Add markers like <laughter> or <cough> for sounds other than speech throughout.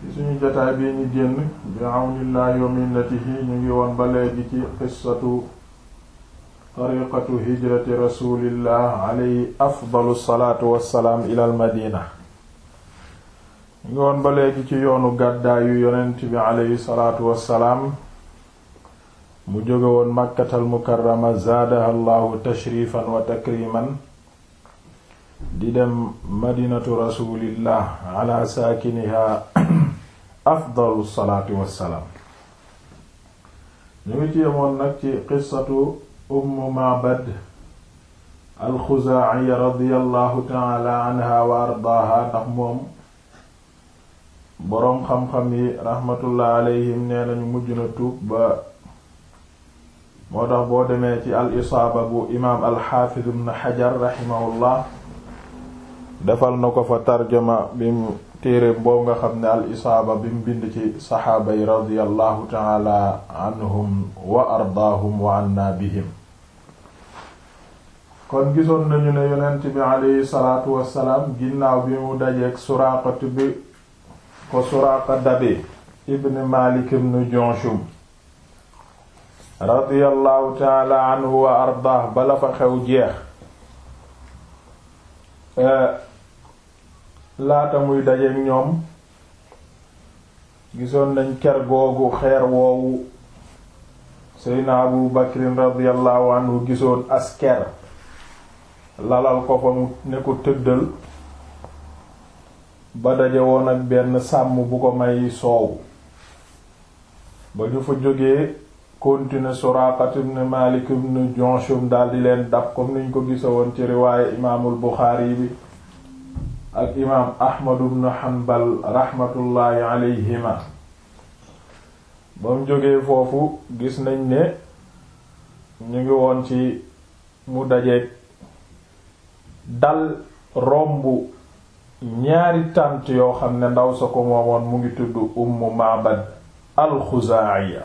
ci suñu jotaay bi ñu génn bi awnillahi wa minnatihi ñu ngi woon ba léegi ci qissatu tariqatu hijrati rasulillah afdalu salaatu wassalaam ila al ñu ngi woon ba léegi ci yoonu gàddaayu yonent bi alayhi salaatu wassalaam mu jóge woon màkkatal mukarrama zaadaha llahu tashrifan wa takriman di dem madinatu rasulillah ala saakiniha afdalu salaati wassalaam ñu ngi ci yemoon nag ci qissatu umm ma'bad alxuzaa'iya radiyallahu taala anha wa ardaaha ndax moom boroom xam-xam yi raxmatullah alayhim nee nañu mujj na tuub ba moo tax boo demee ci al isaaba bu imaam alxaafiz ibn xajar raximahullah defal na ko fa tarjama bi mu téere boobu nga xam ne al isaaba bi mu bind ci saxaaba yi taala anhum wa ardaahum wa anna bihim kon gisoon nañu ne yonent bi aleyhi salaatu wassalaam ginnaaw bi mu dajeek suraaqatu bi ko suraaqa dabe ibn malik ibn jonshum radiyallahu taala anhu wa ardaah bala fa xew jeex laata muy dajeek ñoom gisoon nañ ker googu xeer woowu seyna abu bakrin radiallahu anhu gisoon asker lalal ko fa mu ne ko tëddal ba daje woon ak benn sàmm bu ko may soow ba ñu fa jógee continuer Suraaqa ibn Maalik ibn Junshum daldi leen dab comme niñ ko gisoon ci riwaaye imaamul Buxaari bi ak imaam ahmadu bnu hanbal rahmatullahi alayhima ba mu jógee foofu gis nañ ne ñu ngi woon ci mu dajeeg dal romb ñaari tànt yoo xam ne ndaw sa ko moomoon mu ngi tudd ummu maabad alxuzaaiya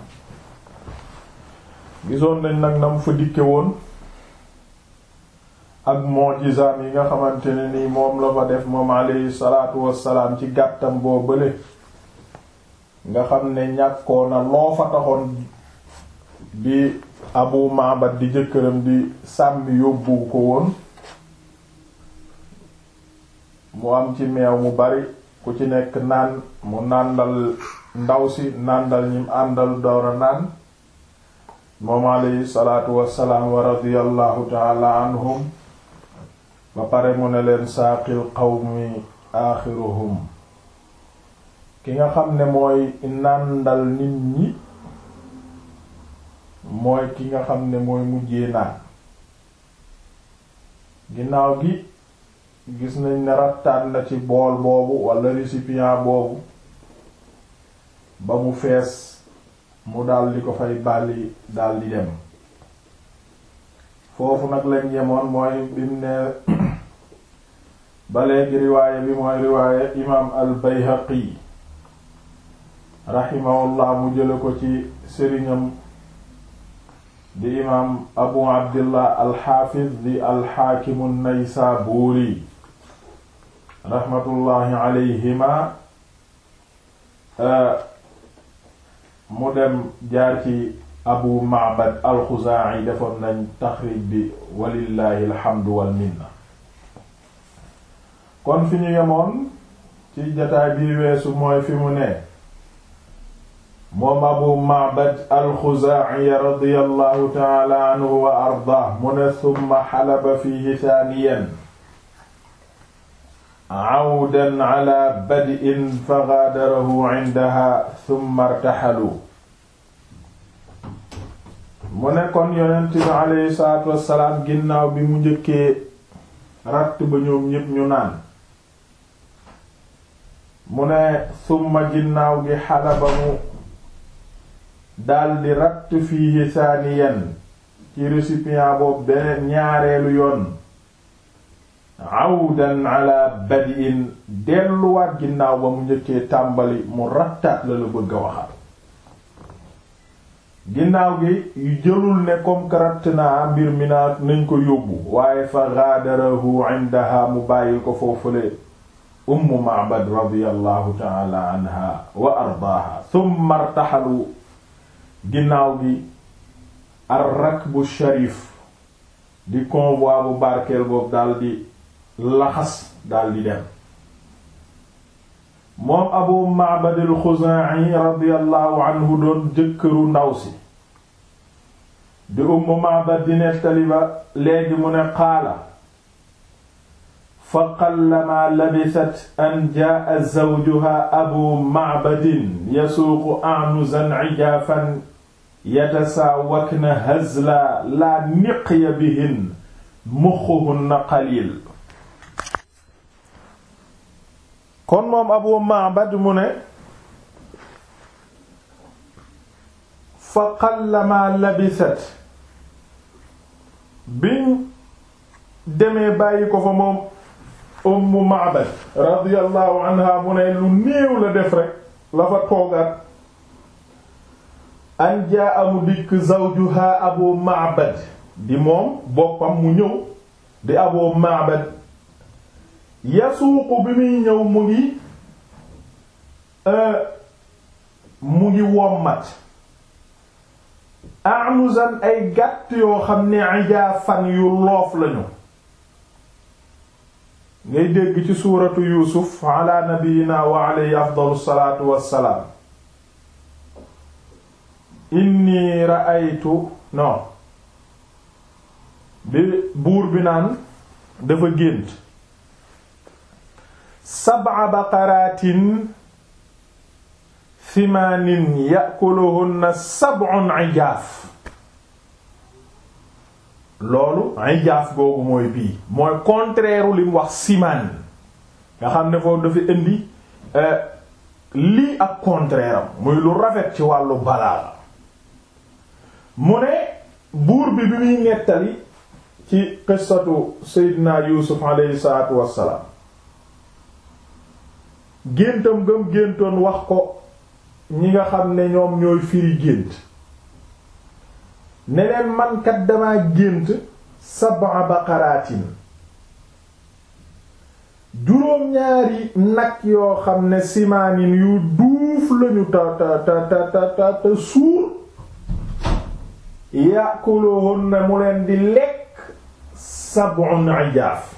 gisoon nañ nag na mu fa dikke woon ak mujizaam yi nga xamante ne moom la fa def moom alayhi salaatu wassalaam ci gàttam boo bële nga xam ne ñàkkoo na loo fa taxoon di abu maabat di jëkkëram di sàmmi yóbbu ko woon mu am ci meew mu bari ku ci nekk naan mu nàndal ndaw si nàndal ñim àndal doora naan moom alayhi salaatu wassalaam wa radiyallahu taala anhum ba pare mu ne leen saaqil qawmi aaxiruhum ki nga xam ne mooy nàndal nit ñi mooy ki nga xam ne mooy mujjee naan ginnaaw gi gis nañ ne rattaan na ci bool boobu walla récipient boobu ba mu fees mu daldi ko fay bàlli daldi dem foofu nag lañ yemoon mooy bim ne ba léegi riwaayé bi mooy riwaayé imaam al-Bayhaqi rahimahullah mu jële ko ci sëriñam di imaam abu abdillah al-Hafiz di al-Hakim an-Naysaburi rahmatullahi alayhima eh, mu dem jaar ci abu Ma'bad al-Khuzaa'i defoon nañ taxrij bi walillahi alhamdu wal minna kon fi ñu yemoon ci jataay bi weesu mooy fi mu ne moom abu ma'bad alxuzaa'i radiyallahu ta'ala anhu wa ardaah mu ne summa xalaba fiihi saaniyan awdan ala bad'in fa gaadarahu indaha summa irtaxalu mu ne kon yonent bi aleyhi salaatu wassalaam ginnaaw bi mu njëkkee ratt ba ñoom ñépp ñu naan mu ne summa ginnaaw gi xalaba mu daldi ratt fiihi saaniyan ci récipient boobu ñaareelu yoon awdan ala badiin delluwaat ginnaaw ba mu njëkkee tàmbali mu rattaat la la bëgg a ginnaaw gi jëlul ne comme que ratt naa mbir mi nañ ko yóbbu waaye fa gaadarahu mu bàyyi ko foofule ummu Ma'bad radiyallahu ta'ala anha wa ardaaha thumma artaxalu ginnaaw gi ar-rakbu sharif di convoi bu barkeel boobu daldi laxas daldi dem moom Abu Ma'bad al-Xuzaa'i radiyallahu anhu doon jëkkëru ndaw si di ummu Ma'bad di nettali ba léegi mu ne qaala fa qallama labisat an jaa zawjuha abu macbadin yasuuqu anuzan cijaafan yatasaawakna hazla laa niqya bihin muxuhunna qaliil kon moom abu macbad mu ne fa qallama labisat biñ demee bàyyi ko fa moom ummu Ma'bad radiyallahu anha mu ne lu néew la def rek la fa toogaat an amu dikk zawjuha abu Ma'bad di moom boppam mu ñëw di abu Ma'bad yasuuqu bi muy ñëw mu ngi euh, mu ngi wommat amuzan ay gàtt yoo xam ne ijaafan yu loof lañu ngay dégg ci suuratu yuusuf ala nabiyina wa alayhi afdalu salaatu wassalaam inni ra'aytu non bi buur bi naan dafa gént sab'a baqaraatin thimaanin ya'kuluhunna sab'un ijaaf loolu ijaaf googu mooy bii mooy contraire li wax simaan nga xam ne foofu dafa indi euh, lii ak contraire am muy lu rafet ci wàllu balaa mu ne buur bi bi muy nettali ci qissatu Seydina Yuusuf alayhi salaatu wassalaam géntam gëm géntoon wax ko ñi nga xam ne ñoom ñooy firi gént ne leen man kat gént sab'a baqaraatin juróom-ñaari nag yoo xam ne simaanin yu duuf lañu ta ta ta ta ta ta suur ya'kuluhunna mu leen di lekk sab'un ijaaf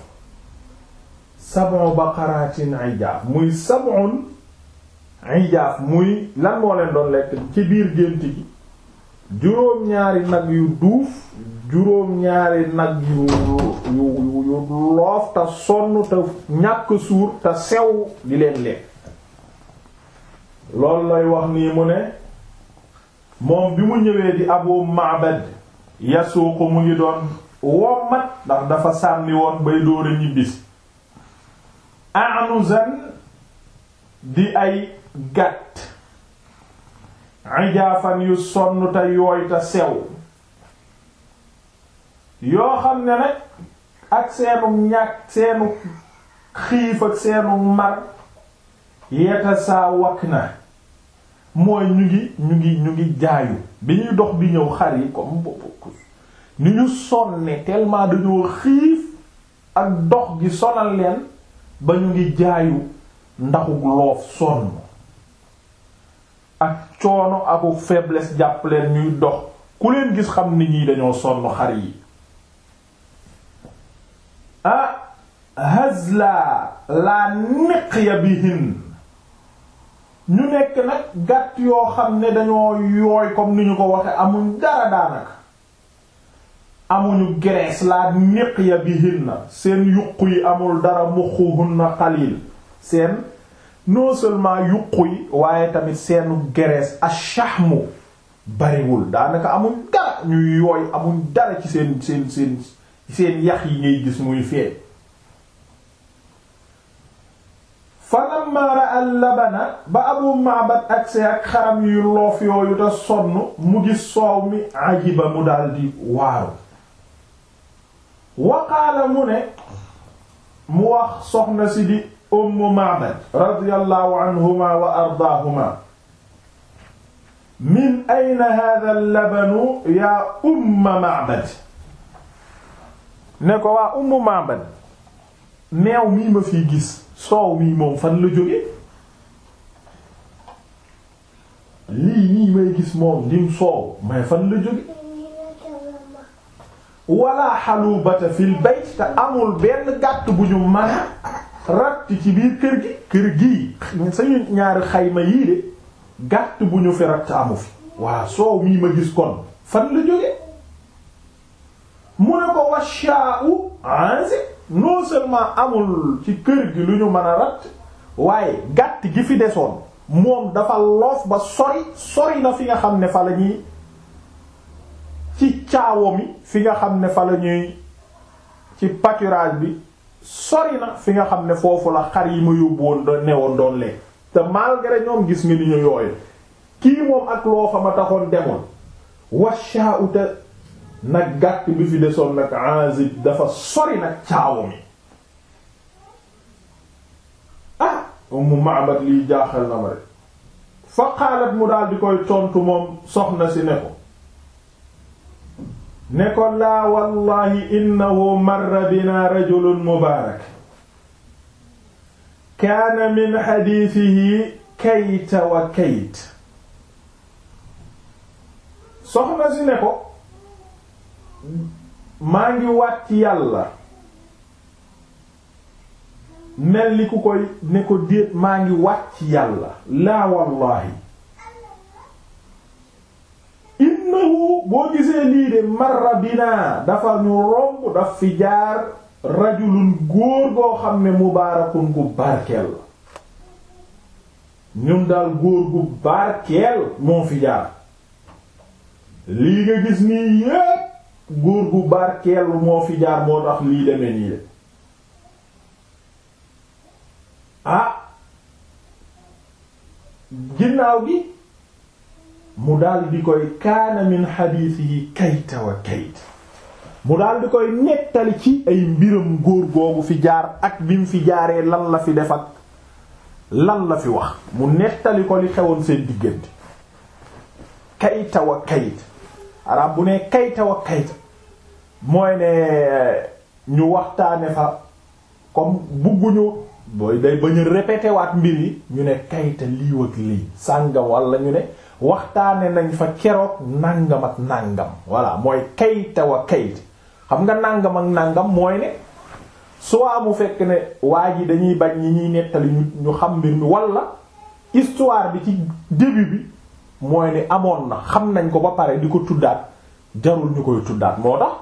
sab'u baqaraatin ijaaf muy sab'un ijaaf muy lan moo leen doon lekk ci biir gént gi juróom-ñaari nag yu duuf juróom-ñaari nag yu loof te sonn te ñàkk suur te sew di leen lekk loolu lay wax nii mu ne moom bi mu ñëwee di Abu Ma'bad ko mu ngi doon wommat ndax dafa sànni woon bay dóora ñibbis anuzan di ay gàtt ijaafan yu sonn te yooy sew yoo xam ne ak seenu ñàkk seenu xiif seenu mar yeeta na mooy ñu ngi ñu ngi ñu ngi jaayu bi dox bi ñëw xar yi comme bopp ni ñu sonne tellement dañoo xiif ak dox gi sonal leen ba ñu ngi jaayu ndaxu loof sonn ak coono aku faiblesse jàpp leen ñuy dox ku leen gis xam ni ñi dañoo sonn xar yi ah hazla la niqya bihin ñu nekk nag gàtt yoo xam ne dañoo yooy comme ni ñu ko waxe amuñ dara daanaka amuñu graisse la niqya bihin na seen yuq yi amul dara mu muxuhunna xalil seen non seulement yuqu yi waaye tamit seenu gerees ashahmu bariwul daanaka amuñ dara ñuy yooy amuñ dara ci seen seen seen seen yax yi ngay gis muy feeñ fa lamma ra'a labana ba abu ma'bad agse ak xaram yu loof yooyu te sonn mu gis soow mi ajiba mu daldi waaru waqaala mu ne mu wax soxna si di ummu Ma'bad radiyallahu anhuma wa ardaahuma min ayna hadha al-labanu yaa umma Ma'bad ne ko waa ummu Ma'bad meew mii ma fi gis soow mii moom fan la jóge lii nii may gis moom lim soow may fan la jóge wala xalubata fil bayt te amul benn gàtt bu ñu mën ratti ci biir kër gi kër gii sañu ñaari xayma yii de gàtt bu ñu fi ratt amu fi waa soow mii ma gis kon fan la jóge mu ne ko washaa u ansi non seulement amul ci kër gi lu ñu mën a ratt waaye gàtt gi fi desoon moom dafa loof ba sori sori na fi nga xam ne fa la ñuy ci caawo mi fi nga xam ne fa la ci pâturage bi sori na fi nga xam ne foofu la xar yi ma yóbbu woon doon newoon doon lekk te malgré ñoom gis nga ni ñu yooyu kii moom ak loo fa ma taxoon demoon washaa uta nag gàtt bi fi desoon nag Azib dafa sori nag caawu mi ah Ummu Ma'bad liy jaaxal na ma rek fa qaalat mu daal di koy tontu moom soxna si ne ko ne ko laa wallahi innahu marra bina rajulun mubaarak kaana min xadiisihi kayta wa kayt soxna si ne ko maa ngi waat yàlla mel ni ku koy ne ko déet maa ngi waat ci yàlla laa wallahi innahu boo gisee lii de marra bina dafa ñu romb daf fi jaar rajulun góor goo xam ne mubaarakun gu barkeel ñun daal góor gu barkeel moo fi jaar lii nga gis nii yépp góor gu barkeel moo fi jaar moo tax lii deme nii de ah ginnaaw gi mu daal di koy kaana min xadiis yi kayta wa kayta mu daal di koy nettali ci ay mbiram góor googu fi jaar ak bi mu fi jaaree lan la fi def ak lan la fi wax mu nettali ko li xewoon seen diggante kayta wa kayta arab bu ne kayta wa kayta mooy ne ñu waxtaane fa comme bugguñu booy day bañ a répété mbir yi ñu ne kayta lii wag lii sànga walla ñu ne waxtaane nañ fa keroog nàngam ak nàngam voilà mooy kayta wa kayt xam nga nàngam ak nàngam mooy ne soit mu fekk ne waa ji dañuy bañ ñi ñuy nettali ñu xam mbir mi wala histoire bi ci début bi mooy ne amoon na xam nañ ko ba pare di ko tuddaat jarul ñu koy tuddaat moo tax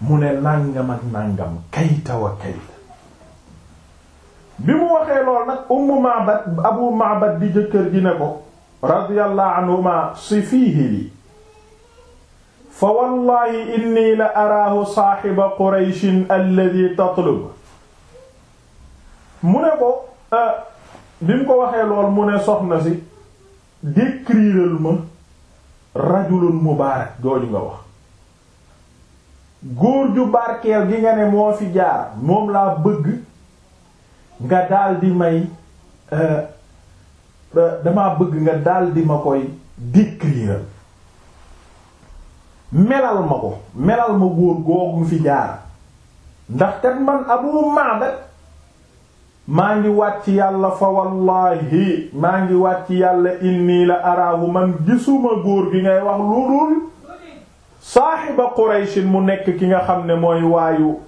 mu ne nàngam ak nàngam kayta wa kayt bi mu waxee lool nag ummu Ma'bad abu Ma'bad di jëkkër ji ne ko radiyallahu anhuma si fiihi li fa wallahi inni la araahu saaxiba qurayshin alladi tatlub mu ne ko ah, bi mu ko waxee lool mu ne soxna si décriral ma rajulun mubaarak jooju nga wax góor ju barkeel gi nga ne moo fi jaar moom laa bëgg nga daldi may ah, damaa bëgg nga daldi ma koy décrire melal ma ko melal ma góor googu fi jaar ndax kat man abu ma'bad maa ngi wàcc yàlla fa wallaahi maa ngi wàcc yàlla inni la araahu man gisuma góor gi ngay wax lu dul saaxiba qurayshin mu nekk ki nga xam ne mooy waayu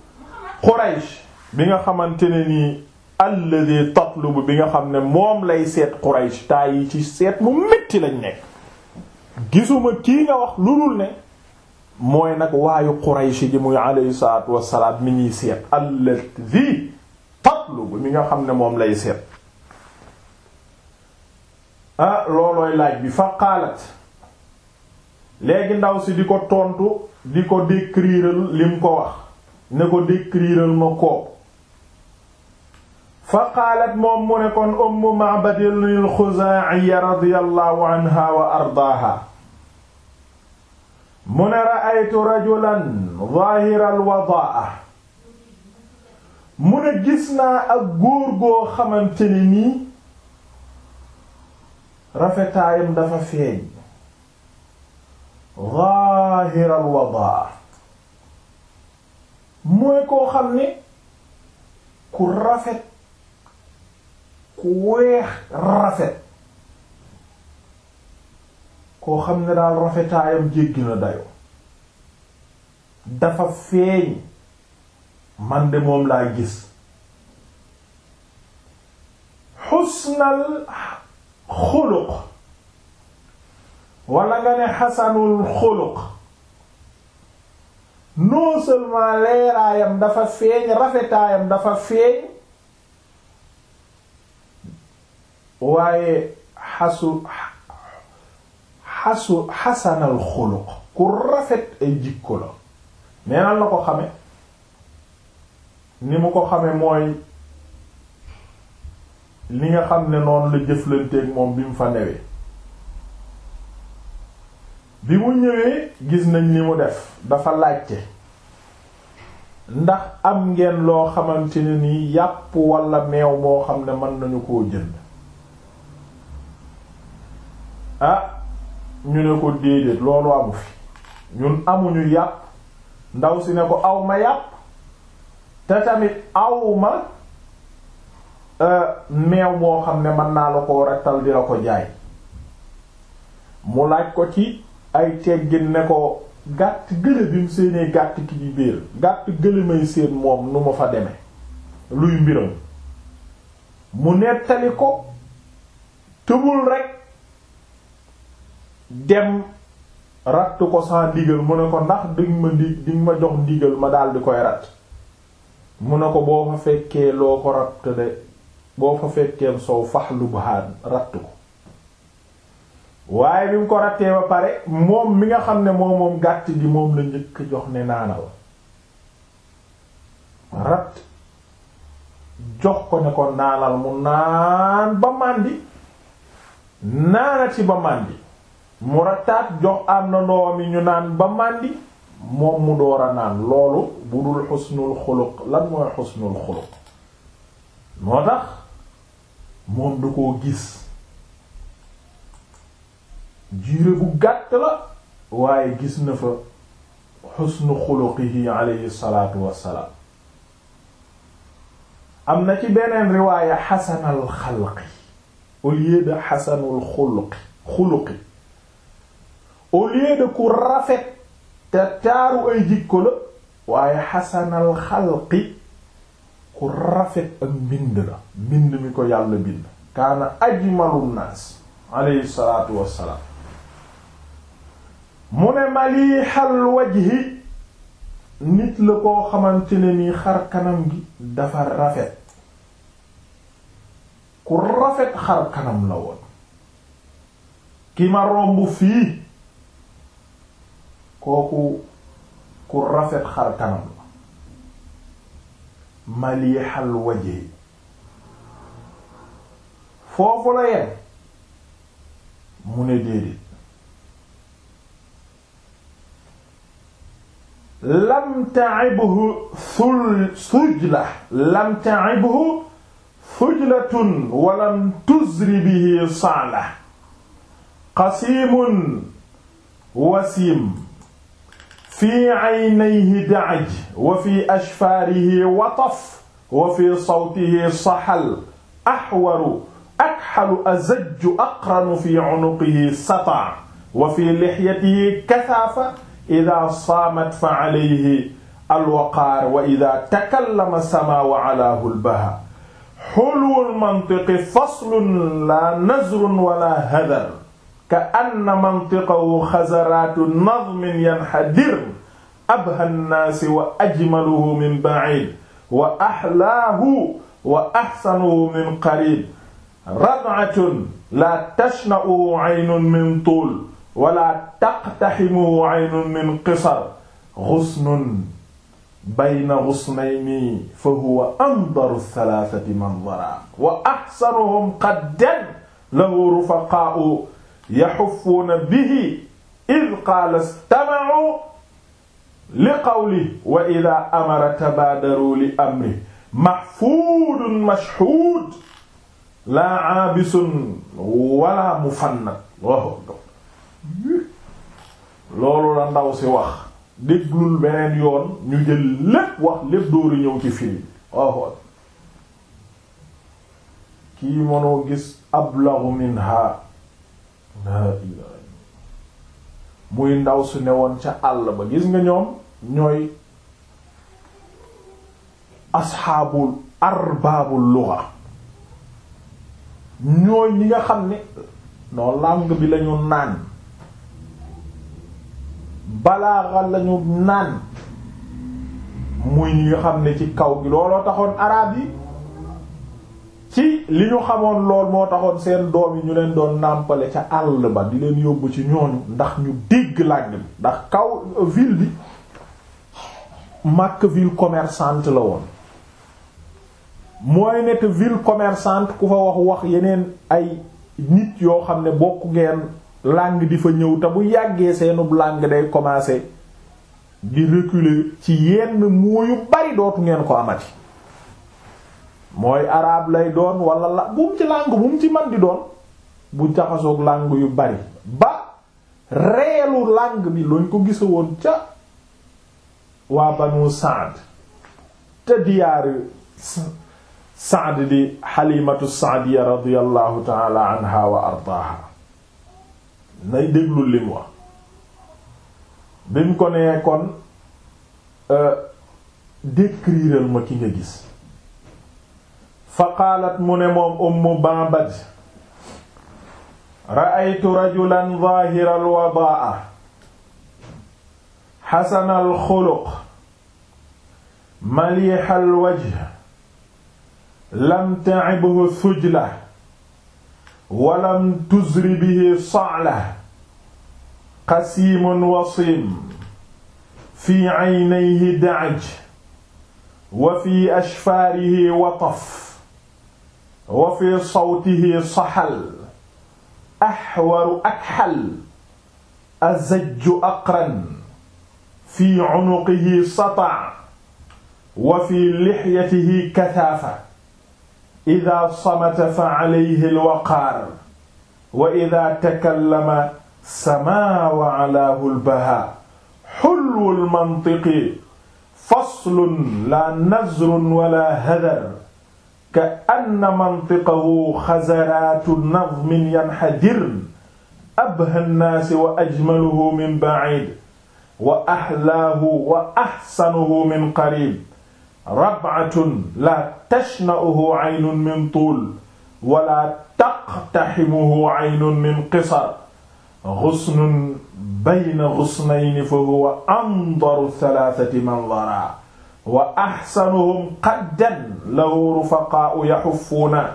quraysh bi nga xamante nii alladhi tatlubu bi nga xam ne moom lay seet Quraysh taa yi ci seet mu métti lañ nekk gisuma kii nga wax lu dul ne mooy nag waayu Quraysh ji muy alayhi salaatu wassalaam mi ni seet alladhi tatlubu mi nga xam ne moom lay seet ah loolooy laaj bi fa qaalat léegi ndaw si di ko tontu di ko décrire lim ko wax ne ko décrire ma ko fa qaalat moom mu ne kon ummu Ma'bad al-Khuzaa'iya radiyallahu anha wa ardaaha mu ne ra'aytu rajulan zaahira al-wadaa'a mu ne gis naa ak góor goo xamante ni nii rafetaayam dafa feeñ zaahira al-wadaa'a mooy koo xam ne ku rafet ku weex rafet koo xam ne daal rafetaayam jéggi na dayoo dafa feeñ man de moom laa gis xusnal xuluq wala nga ne xasanul xuluq non seulement leeraayam dafa feeñ rafetaayam dafa feeñ waaye xasu xasu xasanal xuluq ku rafet ay jikko la mais nan la ko xame ni mu ko xame mooy li nga xam ne noonu la jëflanteeg moom bi mu fa newee bi mu ñëwee gis nañ ni mu def dafa laajte ndax am ngeen loo xamante ne nii yàpp walla meew moo xam ne mën nañu koo jënd ah ñu ne ko déedéet loolu amu fi ñun amuñu yàpp ndaw si ne ko aw ma yàpp te tamit awma ma euh, moo xam ne mën naa la ko rattal di la ko jaay mu laaj ko ci ay teggin ne ko gàtt gële bi mu gàtt ki ci gàtt gële may moom nu ma fa deme luy mbiram mu nettali ko tëbul rek dem ratt ko sans ndigal mu ne ko ndax diŋ ma di diŋ ma jox ndigal ma daldi koy ratt mu ne ko boo fa fekkee loo ko ratt de boo fa fekkee soow faxlu bahaan ratt ko waaye bi mu ko rattee ba pare moom mi nga xam ne moom moom gàtt gi moom la njëkk jox ne naanal ratt jox ko ne ko naanal mu naan ba màndi naana ci ba màndi murattaat jox am na ndoom yi ñu naan ba màndi moom mu door a naan loolu bu dul xusnul xuluq lan mooy xusnul xuluq moo tax moom du ko gis jiire bu gàtt la waaye gis na fa xusnu xuluqihi alayhi am na ci beneen riwaaya xasanal xalqi au xasanul xuluqi xuluqi au lieu de ku rafet te taaru ay jikko la waaye xasanal xalqi ku rafet ak mbind la mbind mi ko yàlla bind kaana ajmalun naas alayhi wassalaam mu ne maliixal wajhi nit la koo xamante ne nii xar kanam gi dafa rafet ku rafet xar kanam la woon ki ma romb fii kooku ku rafet xar kanam la malixal waje foofu la yem mu ne déedéet lam ta'ibhu sul sujla lam ta'ibhu sujlatun wa lam tuzri bihi sa'la qasimun wasim fii aynayhi da'j wa fii ashfaarihi wataf wa fii sawtihi sahal ahwaru akhalu azajju aqranu fii unuqihi sata wa fii lihyatihi kasaafa idaa saamat fa alayhi alwaqaar wa idaa takallama samaa wa alaahu albahaa hulwul mantiqi faslun laa nazrun wa laa hadar ka anna mantiqahu xasaraatu nadmin yanxadir abha nnaasi wa ajmaluhu min ba'id wa axlaahu wa axsanuhu min qarib rad'atun laa tashna'uhu 'aynun min tuul wala taqtaximuhu 'aynun min qisar xusnun bayna xusnayni fa huwa andaru salaasati manzara wa axsanuhum qaddan lahu rufaqaa'u yaxufuuna bihi id qaala istama'u li qawli wa ida amara tabaadaru li amri maxfuudun mashhuud laa aabisun wala mufannat loolu la ndaw si wax déglul beneen yoon ñu jël lépp wax lépp dóoru ñëw ci firi waaw kii mënoo gis ablagu minha muy ndaw su ne woon ca àll ba gis nga ñoom ñooy asxaabul arbaabul luga ñooy ñi nga xam ne noo langue bi lañu naan balaaxa lañu naan muy ñi nga xam ne ci kaw gi looloo taxoon araab yi ci li ñu xamoon lool moo taxoon seen doom yi ñu leen doon nàmpale ca àll ba di leen yóbbu ci ñooñu ndax ñu dégg làgg bi ndax kaw euh, ville bi Makka ville commerçante la woon mooy nekk ville commerçante ku fa wax wax yeneen ay nit yoo xam ne bokk ngeen langue di fa ñëw te bu yàggee seenub làng day commencer di reculer ci yenn moo yu dootu ngeen ko amati mooy arab lay doon wala la bu mu ci langue bu mu ci man di doon bu jaxasoog langue yu bari ba reelu langue bi lañ ko gisa woon ca waa banu Saad te diyaari Saad di Halimatu Saadiya radiyallahu taala anha wa ardaaha nay déglu lim wax bi mu ko nee kon euh, décriral ma ki nga gis fa qaalat mu ne moom ummu ba'bad ra'aytu rajulan zaahira alwadaa'a xasana alxuluq maliixa alwajh lam ta'ibhu thujla walam tuzri bihi sa'la qasiimun wasiim fi caynayhi da'j wa fi ashfaarihi wataf wa fi sawtihi saxal axwaru akxal azajju aqran fi cunuqihi sata wa fi lixyatihi kataafa ida samata fa calayhi alwaqaar wa ida takallama samaawa calaahu albahaa xulwu almantiqi faslun laa nazrun wala hadar ka anna mantiqahu xasaraatu nadmin yanxadirn abha nnaasi wa ajmaluhu min bacid wa axlaahu wa axsanuhu min qarib rabcatun laa tashna'uhu caynun min tuul wala taqtaximuhu caynun min qisar xusnun bayna xusnayni fa huwa andaru thalathati mandara wa axsanuhum qaddan lahu rufaqaau yaxufuuna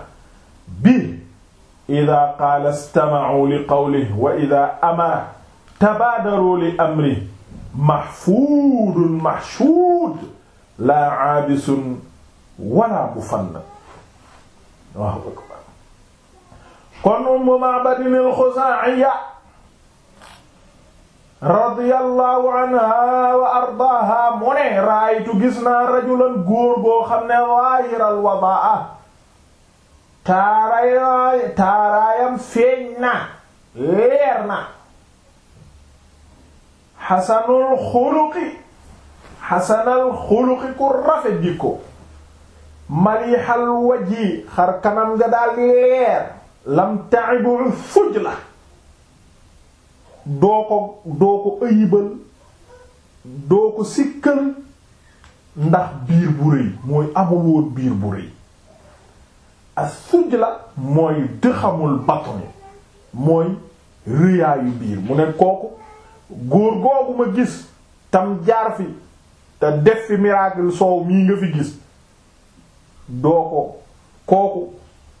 bi ida qaala istamacuu li qawlihi wa ida amara tabaadaru li amrihi maxfuudun maxshuud laa caabisun wala mufanna kon Ummu Ma'badin al-Xuzaaciya radiyallahu anha wa ardaaha mu ne raaytu gis naa rajulan góor boo xam ne waayiral wadaa taaraay taaraayam feeñ na leer na xasanul xuluqi xasanal xuluqi ku rafet jikko malixal waji xar kanam nga daal leer lam ta'ibu fujla doo ko doo ko ëyibal doo ko sikkal ndax biir bu rëy mooy amul woon biir bu rëy as sujj la mooy dëxamul batoni mooy rëyaayu biir mu ne kooku góor googu ma gis tam jaar fi te def fi miracle soow mii nga fi gis doo ko kooku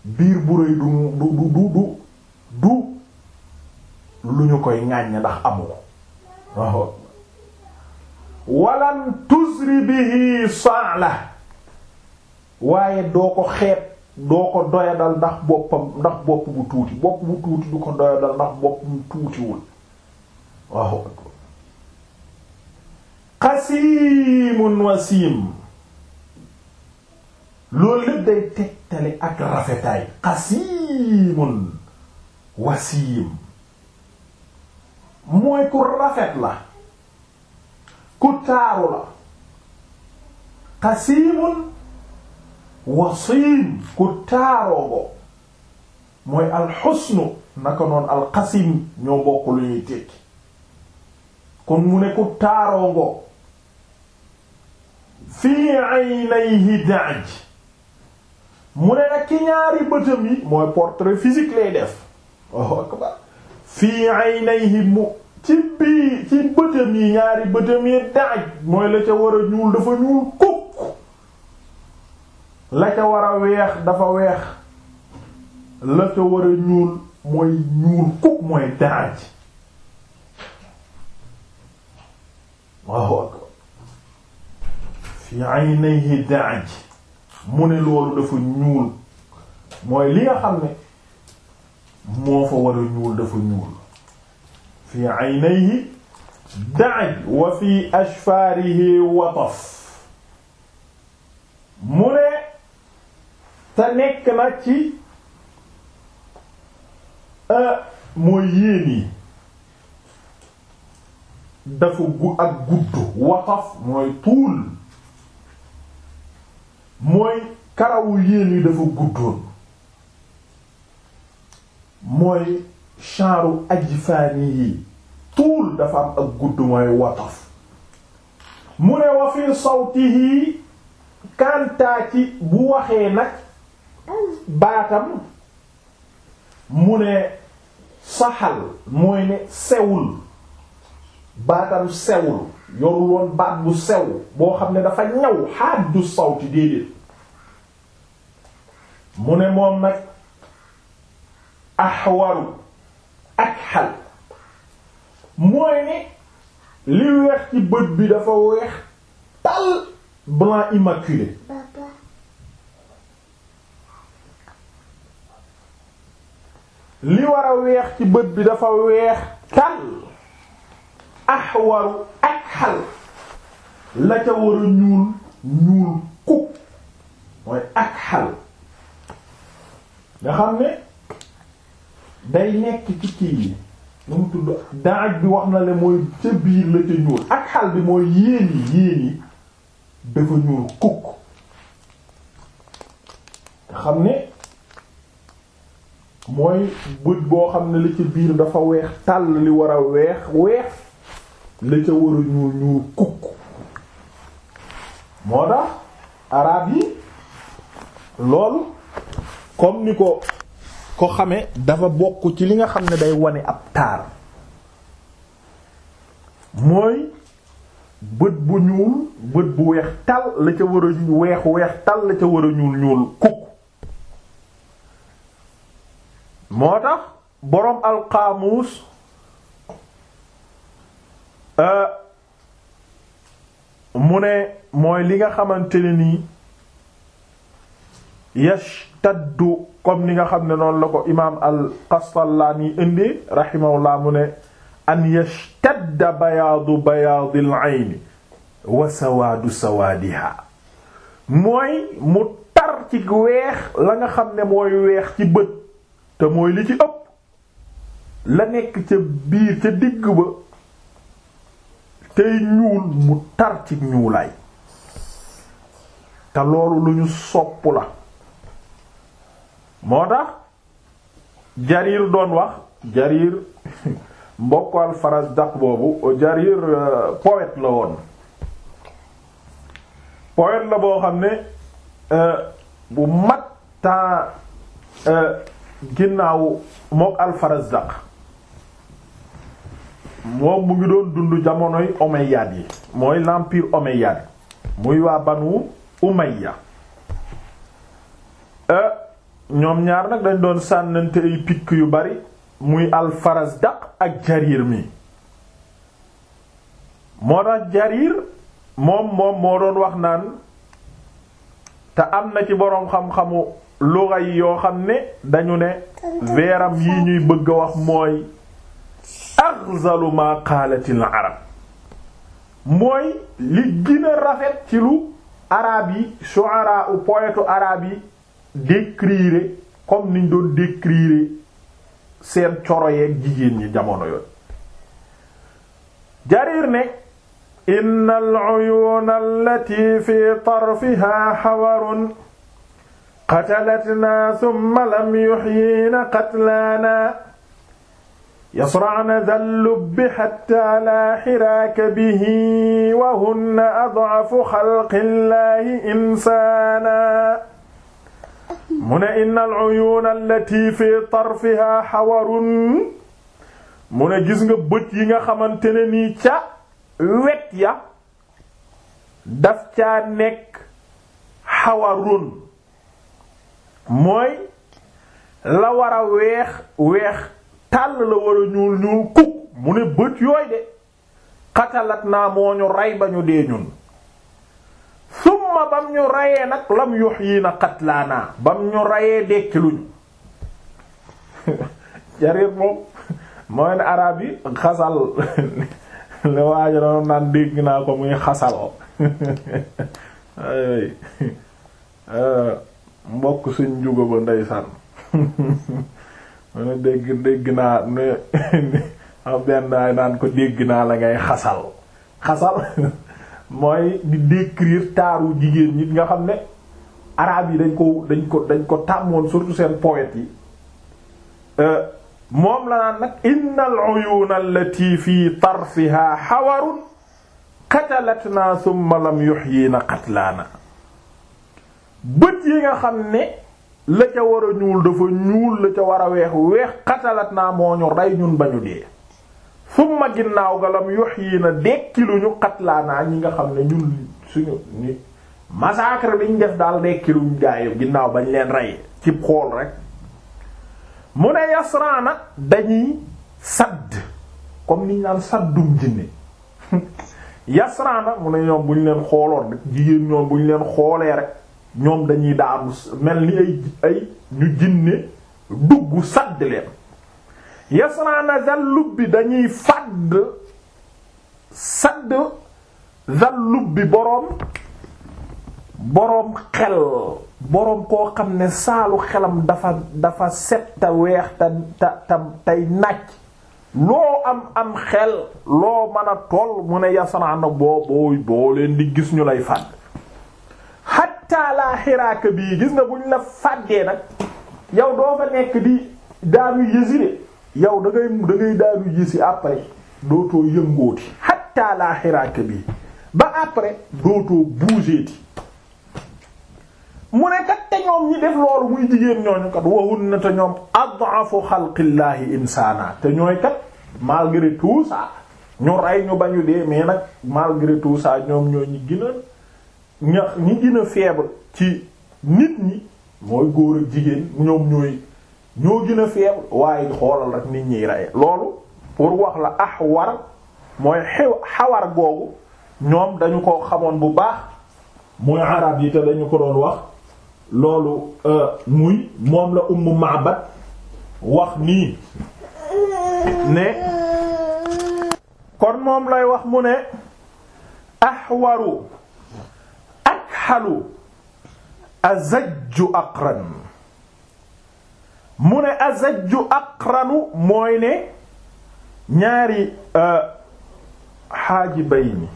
biir bu rëy du du du du du lu ñu koy ŋàññ ndax amu ko walan tusri bihi sa'la waaye doo ko xeeb doo ko doyadal ndax boppam ndax bopp bu tuuti bopp bu tuuti du ko doyadal ndax bopp bu tuutiwul waaw wasiim loolu lépp day tegtale ak rafetaay xasiimun wasiim mooy ku rafet la ku taaru la xasiimun wasiim ku taaroo ko mooy alxusnu naka noon alxasim ñoo bokk lu ñuy tekki kon mu ne ku taaroo ko fii aynayhi da'j mu ne nag ñaari bëtam mooy portrait physique lay def fii aynayhi mu ci bii ci bëtam yi ñaari bëtam yi daaj mooy la ca war a ñuul dafa ñuul kukk la ca war a weex dafa weex la ca war a ñuul mooy ñuul kukk mooy daaj waaw ak fii aynayhi daaj mu ne loolu dafa ñuul mooy li nga xam ne moo fa war a ñuul dafa ñuul fi aynayhi da'j wa fi ashfaarihi wataf mu ne te nekk na ci mooy yéen dafa gu ak gudd wataf mooy tuul mooy karawu yéen dafa guddoon mooy chanru ajfaani yi tuul dafa am ak gudd mooy wataf mu ne wa fi sawtihi kantaa ci bu waxee nag baatam mu ne saxal mooy ne sewul baatam sewul yorul woon baat bu sew boo xam ne dafa ñaw xaaddu sawti déedéet mu ne moom nag axwaru ak xal mooy ne li weex ci bët bi dafa weex tal blanc immaculé li war a weex ci bët bi dafa weex tal axwaru ak xal la ca war a ñuul ñuul kuk mooy ak xal nga xam ne day nekk ci kii yi nu mu tudd daaj bi wax na le mooy ca biir la ca ñuul ak xal bi mooy yéen yi yéen yi dafa ñuul kukk nga xam ne mooy bët boo xam ne la ca biir dafa weex tàll li war a weex weex la ca war a ñuul ñuul kukk moo tax araab yi loolu comme ni ko ko xame dafa bokk ci li nga xam ne day wane ab taar mooy bët bu ñuul bët bu weex tal la ca war a weex weex tal la ca war a ñuul ñuul kukk moo tax boroom alxaamuus euh, mu ne mooy li nga xamante ne nii yashtaddu comme ni nga xam ne noonu la ko imaam al Qastallaani indi laa mu ne an yashtadda bayaadu bayaadil ayni wa sawaadu sawaadiha mooy mu tar ci weex la nga xam ne mooy weex ci bët te mooy li ci ëpp la nekk ca biir ca digg ba tey ñuul mu tar ci ñuulaay te loolu lu ñu sopp la moo tax Jarir doon wax Jarir mbokk al-Farazdaq boobu Jarir euh, poète la woon poète la boo xam ne euh, bu mat temps euh, ginnaaw mook al-Farazdaq moom mu ngi doon dund jamonoy Omeyyade yi mooy l'empire Omeyyade muy waa Banu Umayya euh ñoom ñaar nag dañ doon sànnante ay pikk yu bari muy alfarazdaq ak jarir mi moo tax jarir moom moom moo doon wax naan te am na ci boroom xam-xamu luga yi yoo xam ne dañu ne weeram yi ñuy bëgg a wax mooy axzalu ma qaalatil arab mooy li gën rafet ci lu arab yi shu'ara u poète arab yi décrire comme niñ doon décrire seen coro yeeg jigéen ñi jamono yoon Jarir ne inna al-uyuuna allati fi tarfiha hawarun qatalatna thumma lam yuhyiina qatlaana yasra'na dhal-lubbi hatta laa hiraaka bihi wa hunna ad'afu khalqi llaahi insaana mu ne inna al-uyuuna allati fi tarfiha xawarun mu ne gis nga bët yi nga xamante ne nii ca wet ya daf caa nekk xawarun mooy la wara a weex weex tàll la war a ñuul ñuul kuk mu ne bët yooy de xatalat naa moo ñu rey ba ñu dee ñun bam ñu rayee nag lam yuhyina qatlaana bam ñu rayee dekki luñu <laughs> jarir moom mooy ne araab yi xasal <laughs> le waajo noonu naan dégg naa ko muy xasal <laughs> euh, mbokk suñ juga ba ndeysaan mu dégg dégg naa ne am benn daay naan ko dégg naa la ngay xasal xasal mooy di décrire taaru jigéen ñi nga xam ne araab yi dañ ko dañ ko dañ ko tàmmoon surtout seen poètes yi euh, moom la naan nag inna al uyuna allati fi tarfiha xawarun qatalatna thumma lam yuhyina qatlaana bët yi nga xam ne la ca war a ñuul dafa ñuul la ca war a weex weex qatalatna moo ñu rey ñun ba ñu dee summa ginnaaw galam yuhyi na dekkiluñu xatlaanaa ñi nga xam ne ñun suñu nit massacre biñ def daal dekkiluñu gaayu ginnaaw bañ leen rey ci xool rek mu ne yasraana dañuy sadd comme niñ naan saddum jinne <laughs> yasraana mu ne ñoom buñ leen xooloon jigéen ñoom buñ leen xoolee rek ñoom dañuy daanu mel ni ay ay ñu jinne dugg sadd leen yasraana zallub bi dañuy fàdd sadd zallub bi boroom boroom xel boroom koo xam ne saalu xelam dafa dafa set te weex te te tey nàcc loo am am xel loo mën a toll mu ne yasraana boo boo leen di gis ñu lay fàdd xatta laa xiraaka bii gis nga buñ la fàddee nag yow doo fa nekk di daanu yësile yow da ngay da daalu ji si après dootoo yëngooti hatta la xiraaka bi ba après dootoo bougeeti mu ne te ñoom ñi def loolu muy jigéen ñooñu kat waxun na te ñoom ad'afu xalqillaahi insaana te ñooy kat malgré tout ça ñu rey ñu bañu dee mais nag malgré tout ñoom ñoo ñi gën a ñi gën a ci nit ñi mooy góor ak jigéen ñoom ñooy ñoo gën a faible waaye xoolal rek nit ñi reye loolu pour wax la ah war mooy xawar googu ñoom dañu ko xamoon bu baax muy arab yi te dañu ko doon wax loolu euh, muy moom la ummu Ma'bad wax nii ne kon moom lay wax mu ne ahwaru akhalu azajju aqran mu ne ju aqranu mooy ne ñaari euh, xaaji bay ni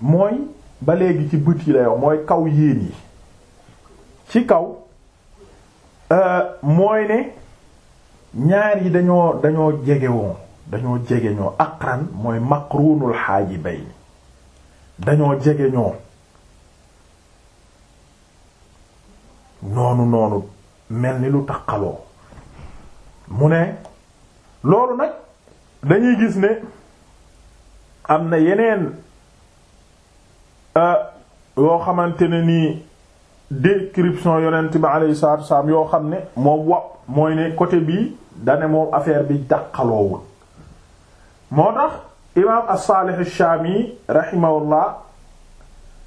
mooy ba léegi ci bët yi la yow mooy kaw yéen yi ci kaw euh, mooy ne ñaar yi dañoo dañoo jegewoo dañoo jege ñoo aqran mooy maqrunul xaaji bay ni dañoo jege ñoo noonu noonu mel ni lu taqaloo mu ne loolu nag dañuy gis ne am na yeneen euh, yoo xamante ne nii description yonent bi alayhi salaatu wasallam yoo xam ne moom wa mooy ne côté bii dane moom affaire bi taqaloowul moo tax imaam as-Salih shami rahimahullah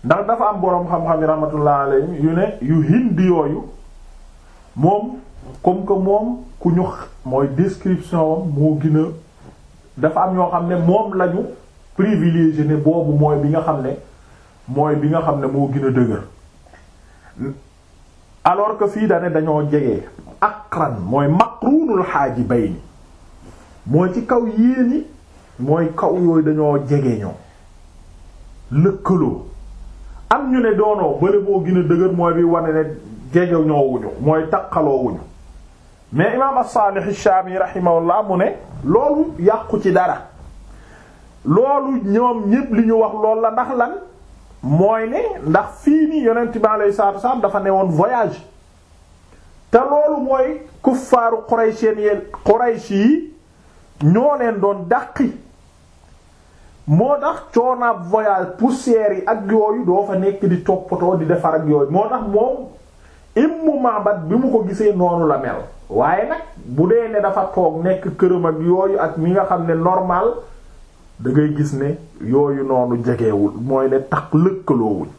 ndax dafa am boroom xam-xam yi rahmatullah alayhi yu ne yu hindi yooyu moom comme que moom ku ñu mooy description moo gën dafa am ñoo xam ne moom lañu privilégié ne boobu mooy bi nga xam ne mooy bi nga xam ne moo gina a dëgër alors que fii dane dañoo jege aqran mooy maqrunul xaaji bay ni mooy ci kaw yéeni mooy kaw yooyu dañoo jege ñoo lëkkaloo am ñu ne doonoo bële boo gën a dëgër mooy bi wane ne géej ñoowuñu mooy taqaloowuñu mais imaam as-Salih ash-Shami rahimahullah mu ne loolu yàqu ci dara loolu ñoom ñépp li ñu wax lool la ndax lan mooy ne ndax fii nii yonent bi alayhi salaatu wa salaam dafa newoon voyage te loolu mooy kuffaaru Quraysheen yi ñoo leen doon dàqi moo tax coonaab voyage poussière yi ak yooyu doo fa nekk di toppatoo di defar ak yooyu moo tax moom immu Ma'bad bi mu ko gisee noonu la mel waaye nag bu dee ne dafa toog nekk këram ak yooyu ak mi nga xam ne normal da gis ne yooyu noonu jegewul mooy ne tax lëkkaloowuñ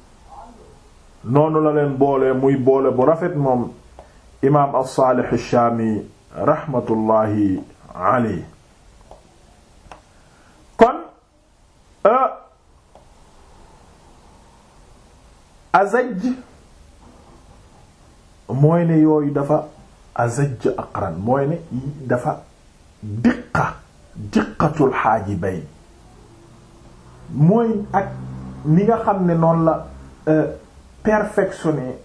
noonu la leen boole muy boole bu rafet moom imaam as-Salih ash-Shami rahmatullahi alayhi kon euh, azaj mooy ne yooyu dafa azaj aqran mooy ne dafa diqa diqatul xaaji bay mooy ak ni nga xam ne noonu la euh, perfectionné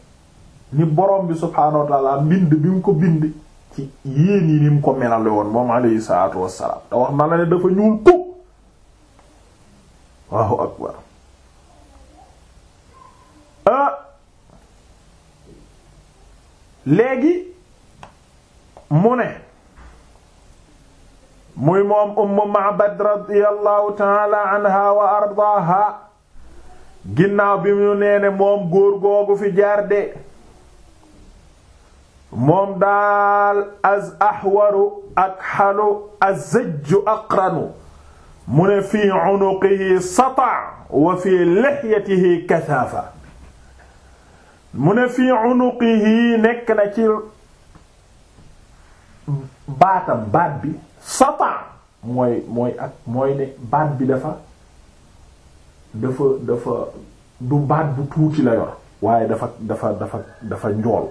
ni borom bi subhaanahu wa mbind bi mu ko bind ci yéen yi ni mu ko melale woon moom alayhi salaatu wassalaam te wax na la ne dafa ñuul kukk waaw akbar ah! léegi mu ne muy moom Umm Ma'bad radiyallahu taala anha wa ardaaha ginnaaw bi mu nee ne moom góor googu fi jaar de moom daal az ahwaru ak xalu azajju aqranu mu ne fii unuqihi sata wa fii lihyatihi kasaafa mu ne fii yi nekk na ci baatam baat bi satan mooy mooy ak mooy ne baat bi dafa dafa dafa du baat bu tuuti la yor waaye dafa dafa dafa dafa njool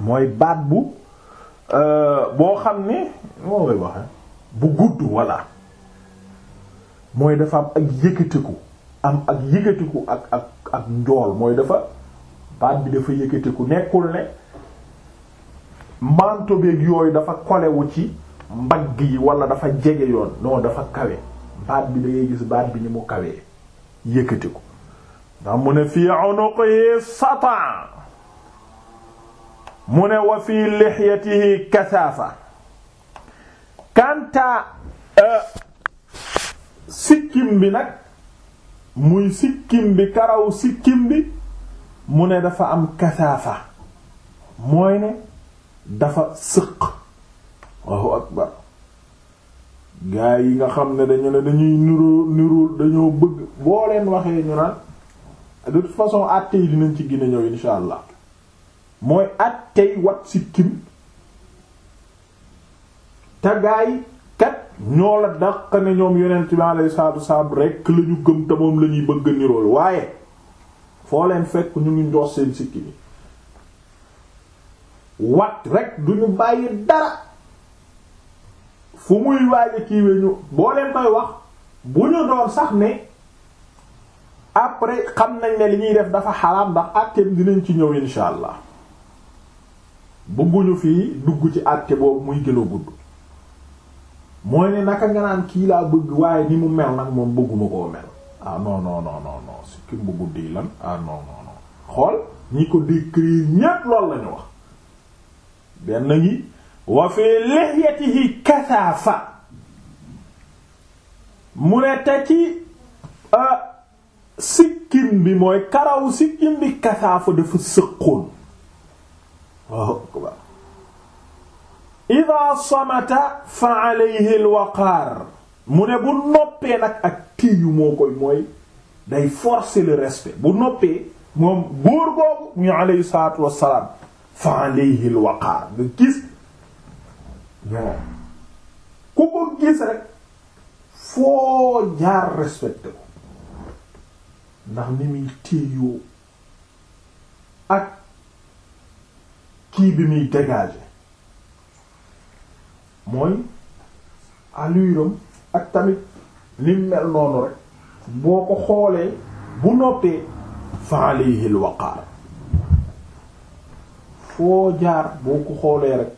mooy baat bu euh, boo xam ne moo koy waxe bu mooy dafa am ak yëkkatiku ak ak ak njool mooy dafa baat bi dafa yëkkatiku nekkul ne manto beeg yooyu dafa kolewu ci mbagg yi wala dafa jege yoon non dafa kawe baat bi da gis baat bi ni mu kawee yëkkatiku ndax mu ne fii unuqihi satan mu ne wa fii lihyatihi kasaafa kanta euh, sikkim bi nag muy sikkim bi karaw sikkim bi mu ne dafa am kasaafa mooy ne dafa sëq Allahu akbar gaa yi nga xam ne dañu ne dañuy niroo niroo dañoo bëgg boo leen waxee ñu naan de toute façon àtte dinañ ci gën a ñëw insha allah mooy àttey wat sikkim te gaa yi kat ñoo la daq ne ñoom yonent bi alayhi saabu saabu rekk lañu ñu gëm te moom la ñuy bëgg nirool waaye foo leen fekk ñu ngi ndox seen sikki bi wat rek du ñu bàyyi dara fu muy waaye kiiwe ñu boo leen koy wax bu ñu doon sax ne après xam na ne li ñuy def dafa xaraam ndax àtteem dinañ ci ñëw insha allah bëgguñu fii dugg ci àtte boobu muy gën a gudd mooy ne naka nga naan kii laa bëgg waaye ni mu mel nag moom bëgguma koo mel ah non non ah, non non non xool ñi ko décrire ñépp loolu lañu wax benn ngi wa fi lihyatihi kasaafa mu ne te ci ah, sikkim bi mooy karaw sikkim bi kasaafa dafa sëqoon waaw ida fa alayhi alwaqaar mu ne bu noppee nag ak tiyu moo koy mooy day forcer le respect bu noppee moom góor boobu ñu alayhi salaatu wassalaam fa alayhi al waqaar nga gis ku ko gis rek foo jaar respecté ko ndax ni muy téyoo ak kii bi muy dégager mooy alluram tamit lim noonu rek boo ko xoolee bu noppee fa alayhi al foo jaar boo ko xoolee rek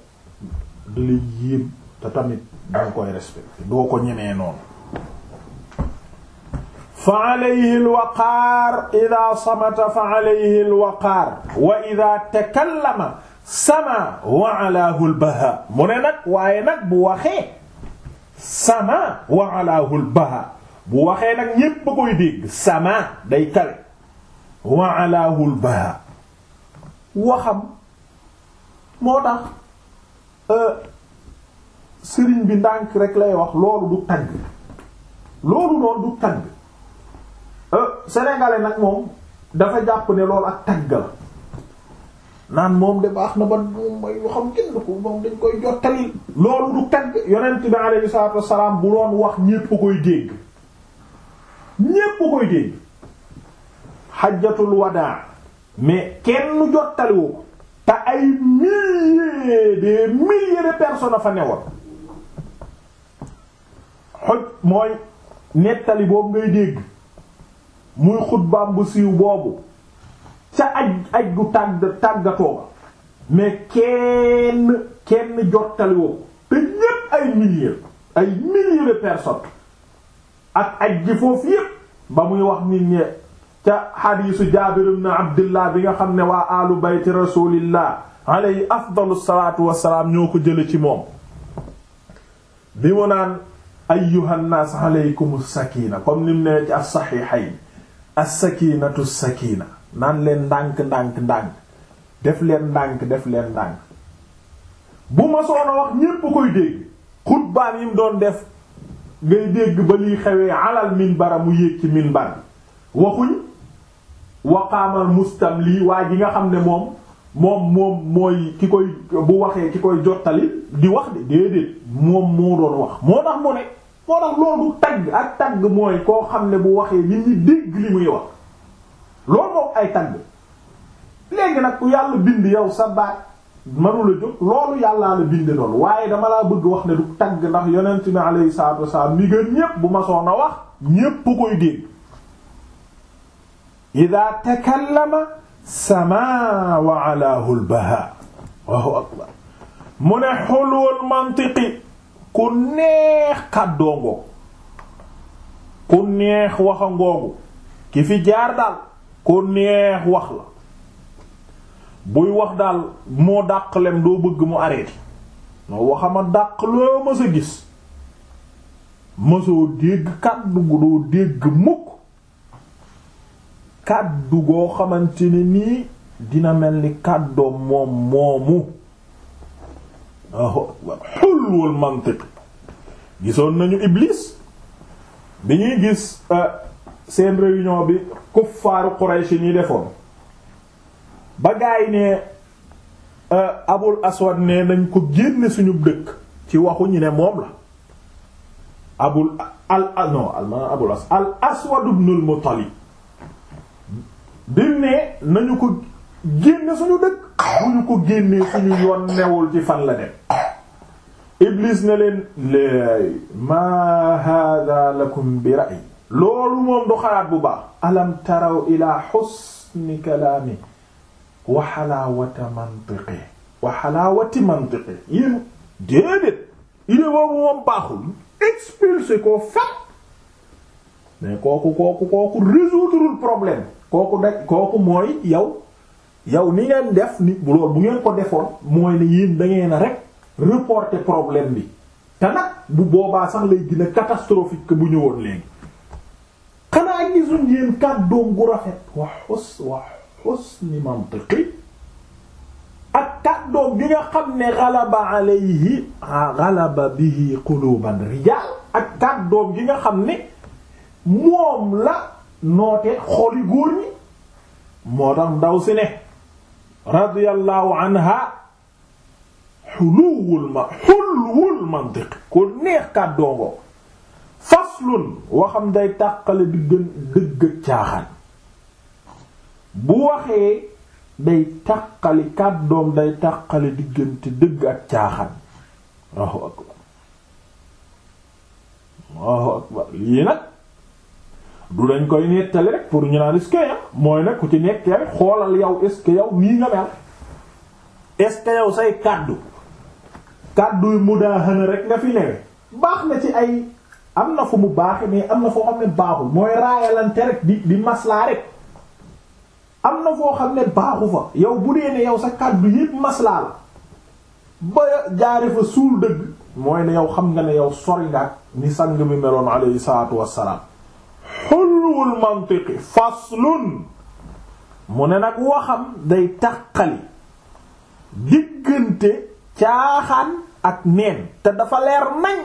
da lay te tamit danga koy respecté doo ko ñemee noonu fa alayhi al waqaar ida fa alayhi al wa ida takallama sama wa alaahu al mu ne nag waaye nag bu waxee sama wa alaahul baha bu waxee nag ñépp ba koy dégg sama day kale wa alaahul baha waxam moo tax euh, sëriñ bi ndànk rekk lay wax loolu du tagg loolu noonu du tagg euh, sénégalais nag moom dafa jàpp ne loolu ak tagg la naan moom de baax na ba moom mooy loo xam kenn ko moom dañ koy jottali loolu du tagg yonent bi alayhi salaatu wassalaam bu doon wax ñépp koy dégg ñépp koy dégg xajjatul wadaa mais kenn jottaliwu te ay milliers des milliers de personnes a fa newoon xoj mooy nettali boobu ngay dégg muy xutbaam bu siiw boobu ca aj aj gu tàgg tàggatoo ba mais kenn kenn jottaliwoo te ñépp ay milliers ay milliers de personnes ak aj gi foofu yépp ba muy wax nit ñi ca xadiisu Jaabir ibn Abdullah bi nga xam ne waa alu bayti rasulillah alayhi afdalu salaatu wassalaam ñoo ko jële ci moom bi mu naan ayyuhan naas alaykum as-sakina comme nim ne ci as-sahihayn as-sakinatu as-sakina naan leen ndànk ndànk ndànk def leen ndànk def leen ndànk bu ma soona wax ñépp koy dégg xutbaam yi mu doon def ngay dégg ba liy xewee alal bara mu yéeg ci minbar waxuñ waqaamal lii waa ji nga xam ne moom moom moom mooy ki koy bu waxee ki koy jottali di wax de déedéet moom moo doon wax moo tax mu ne moo tax loolu tagg ak tagg mooy koo xam ne bu waxee nit ñi dégg li muy wax loolu moom ay tagg léegi nag ku yàlla bind yow sa baat mënu la jóg loolu yàllaa la bind noonu waaye dama laa bëgg wax ne du tagg ndax yonent bi alayhi salaatu wasalaam mi gën ñépp bu ma soon a wax ñépp koy dégg ida takallama sama wa alaahul baha waaw akbar mu ne xulwul mantiqi ku ki fi jaar daal ku neex wax la buy wax daal moo dàq lem doo bëgg mu arrêté noo waxama dàq loo mës gis mësoo dégg kàddu gu doo dégg mukk kàddu goo xamante ne nii dina mel ni kàddoom moom moomu xulwul mantiq gisoon nañu iblis bi ñuy gis euh, seen réunion bi kuffaaru Quraysh ñi defoon ba gaay ne euh, Abul Aswad ne nañ ko génne suñu dëkk ci waxu ñu ne moom la abul al non alma muttalib bi ne nañu ko génne suñu dëkk bu ko génnee suñu yoon newul ci fan la dem iblis ne leen lay ma hada lakum bi ra'y loolu moom du xalaat bu baax alam taraw ila xusni kalaami wa xalaawata mantiqi wa xalaawati déedéet idée boobu moom baaxul expulsé koo fat mais kooku kooku kooku résoudre problème kooku da kooku mooy yow yow ni ngeen def ni loolu bu ngeen ko defoon mooy ne yéen da ngeen rek reporter problème bi te bu boobaa sax lay gën a bu ñëwoon léegi gisuñ yéen kàddoom gu rafet wa xus wa xusni mantiqi ak kàddoom gi nga xam ne galaba alayhi quluban rijal ak kàddoom gi nga xam ne moom la noote xoli góor moo tax ndaw si ne radiyallahu anha xulwul mantiqi ku neex kàddoongoo faslun waxam day tàqale diggan dëgg ak caaxaan bu waxee day tàqali kàddoom day tàqale diggante dëgg ak caaxaan Allahu akbar Allahu akbar nag du dañ koy nettali rek pour ñu naan est mooy nag ku ci nekk xoolal yow est-ce yow nii nga mel est say kàddu kàdduy mudaahana rek nga fi newe baax na ci ay am na fu mu baax mais am na foo xam ne baaxul mooy raayalante rek di di maslaa rek am na foo xam ne baaxu fa yow bu dee ne yow sa kàddu yépp maslaa la ba jaare fa suul dëgg mooy ne yow xam nga ne yow sori nga ak ni sang bi meloon alayhi salaatu wassalaam xulwul mantiqi faslun mu ne nag waxam day taqali diggante caaxaan ak neen te dafa leer nañ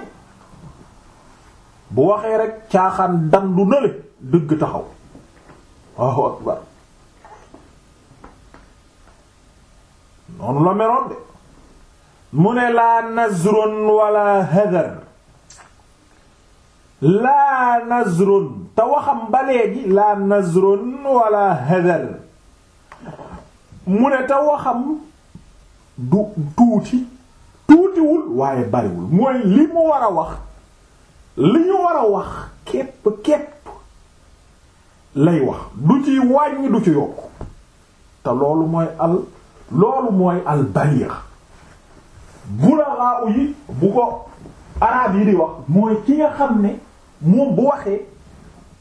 bu waxee rek caaxaan dandu nale dëgg taxaw waaw akbar noonu la meloon de mu ne laa nazrun wala hadar laa nazrun te waxam ba léegi laa nazrun wala hadar mu ne te waxam du tuuti tuutiwul waaye bariwul mooy li mu war a wax li ñu war a wax képp képp lay wax du ci wàññi du ci yokk te loolu mooy al loolu mooy al baliix bu la laaw yi bu ko araab yi di wax mooy ki nga xam ne moom bu waxee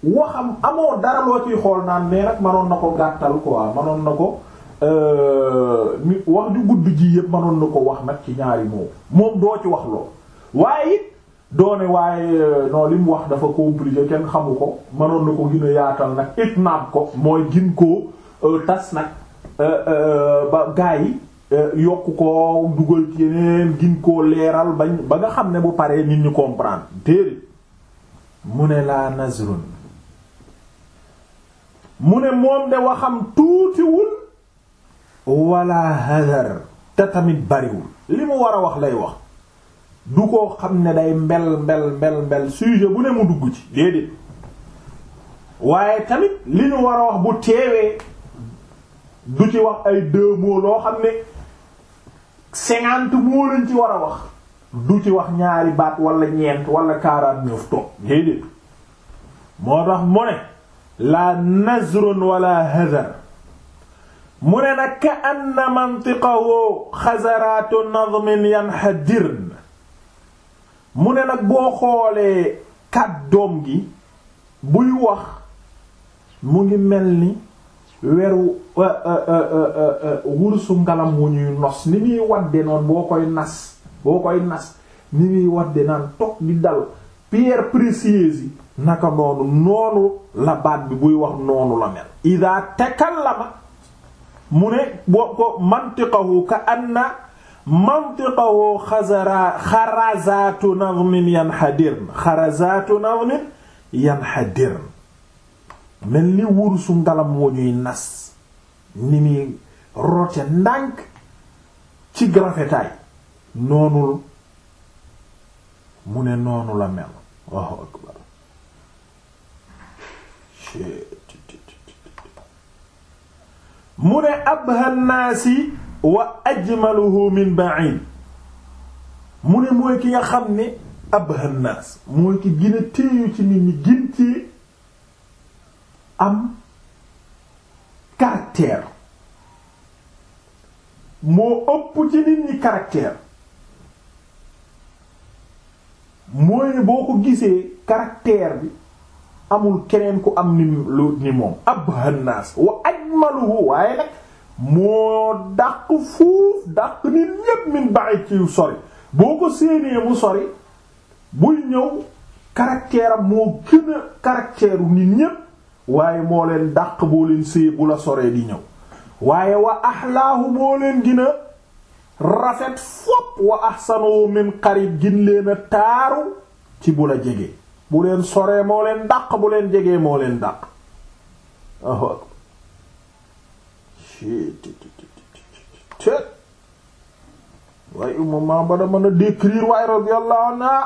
waxam amoo dara loo ciy xool naan mais nag manoon na ko gàttal quoi manoon na ko euh, mi wax ju gudd ji yëpp manoon na ko wax nag ci ñaari moom moom doo ci wax lool waaye it doone waaye euh, non li wax dafa compliqué kenn xamu ko mënoon na ko gën yaatal nag it naab ko mooy gin koo euh, tas nag euh, ba gaa yi yokk ko dugal ci yeneen gin koo leeral ba nga xam ne bu pare nit ñu comprendre déedéet mu ne laa nazrun mu ne moom de waxam tuutiwul wala hadar te tamit bariwul li mu war a wax lay wax du koo xam ne day mbel mbel mbel mbel sujet bu ne mu dugg ci déedéet waaye tamit li ñu war a wax bu teewee du ci wax ay deux loo xam ne cinquante mots lañ ci war a wax du ci wax ñaari baat walla ñeent wala quarante-neuf toog déedéet moo tax mu ne la nazrun wala hazar mu ne nag ka anna mantiqahu xazaratu nadmin yanhadirn mu ne nag boo xoolee doom gi buy wax mu ngi mel ni weru euh, euh, euh, wursu ngalam wu ñuy nos ni muy wadde noonu boo koy nas boo koy nas ni muy wadde naan toog di dal pierre précieuse yi naka noonu noonu la baat bi buy wax noonu la mel ida takallama mu ne boo ko mantiqahu ka anna mantiqahu xazara xarazaatu nazmin yanxadirn xarazaatu nazmin yanxadirn mel ni wursu ngalam wu ñuy nas ni muy rote ndànk ci grafetaay noonul mu ne noonu la mel Allahu akbar mu ne abha naasi wa ajmaluhu min ba'id mu ne mooy ki nga xam ne abhan nas mooy ki gën a ci nit ñi gën ci am caractère moo ëpp ci nit ñi caractère mooy boo ko gisee caractère bi amul keneen ku am ni lu ni moom abhan wa ajmaluhu waaye nag moo dàq fuuf dàq nit ñépp min ba'id ci sori boo ko séenee mu sori buy ñëw caractère am moo gën a caractère nit ñépp waaye moo leen dàq boo leen séye bu la soree di ñëw waaye wa axlaahu moo leen gën a rafet fopp wa axsanu min qarib gin leen a taaru ci bu la jege bu leen soree moo leen dàq bu leen jegee moo leen dàq céet waaye umma ba da mën a waaye radiyallahu anha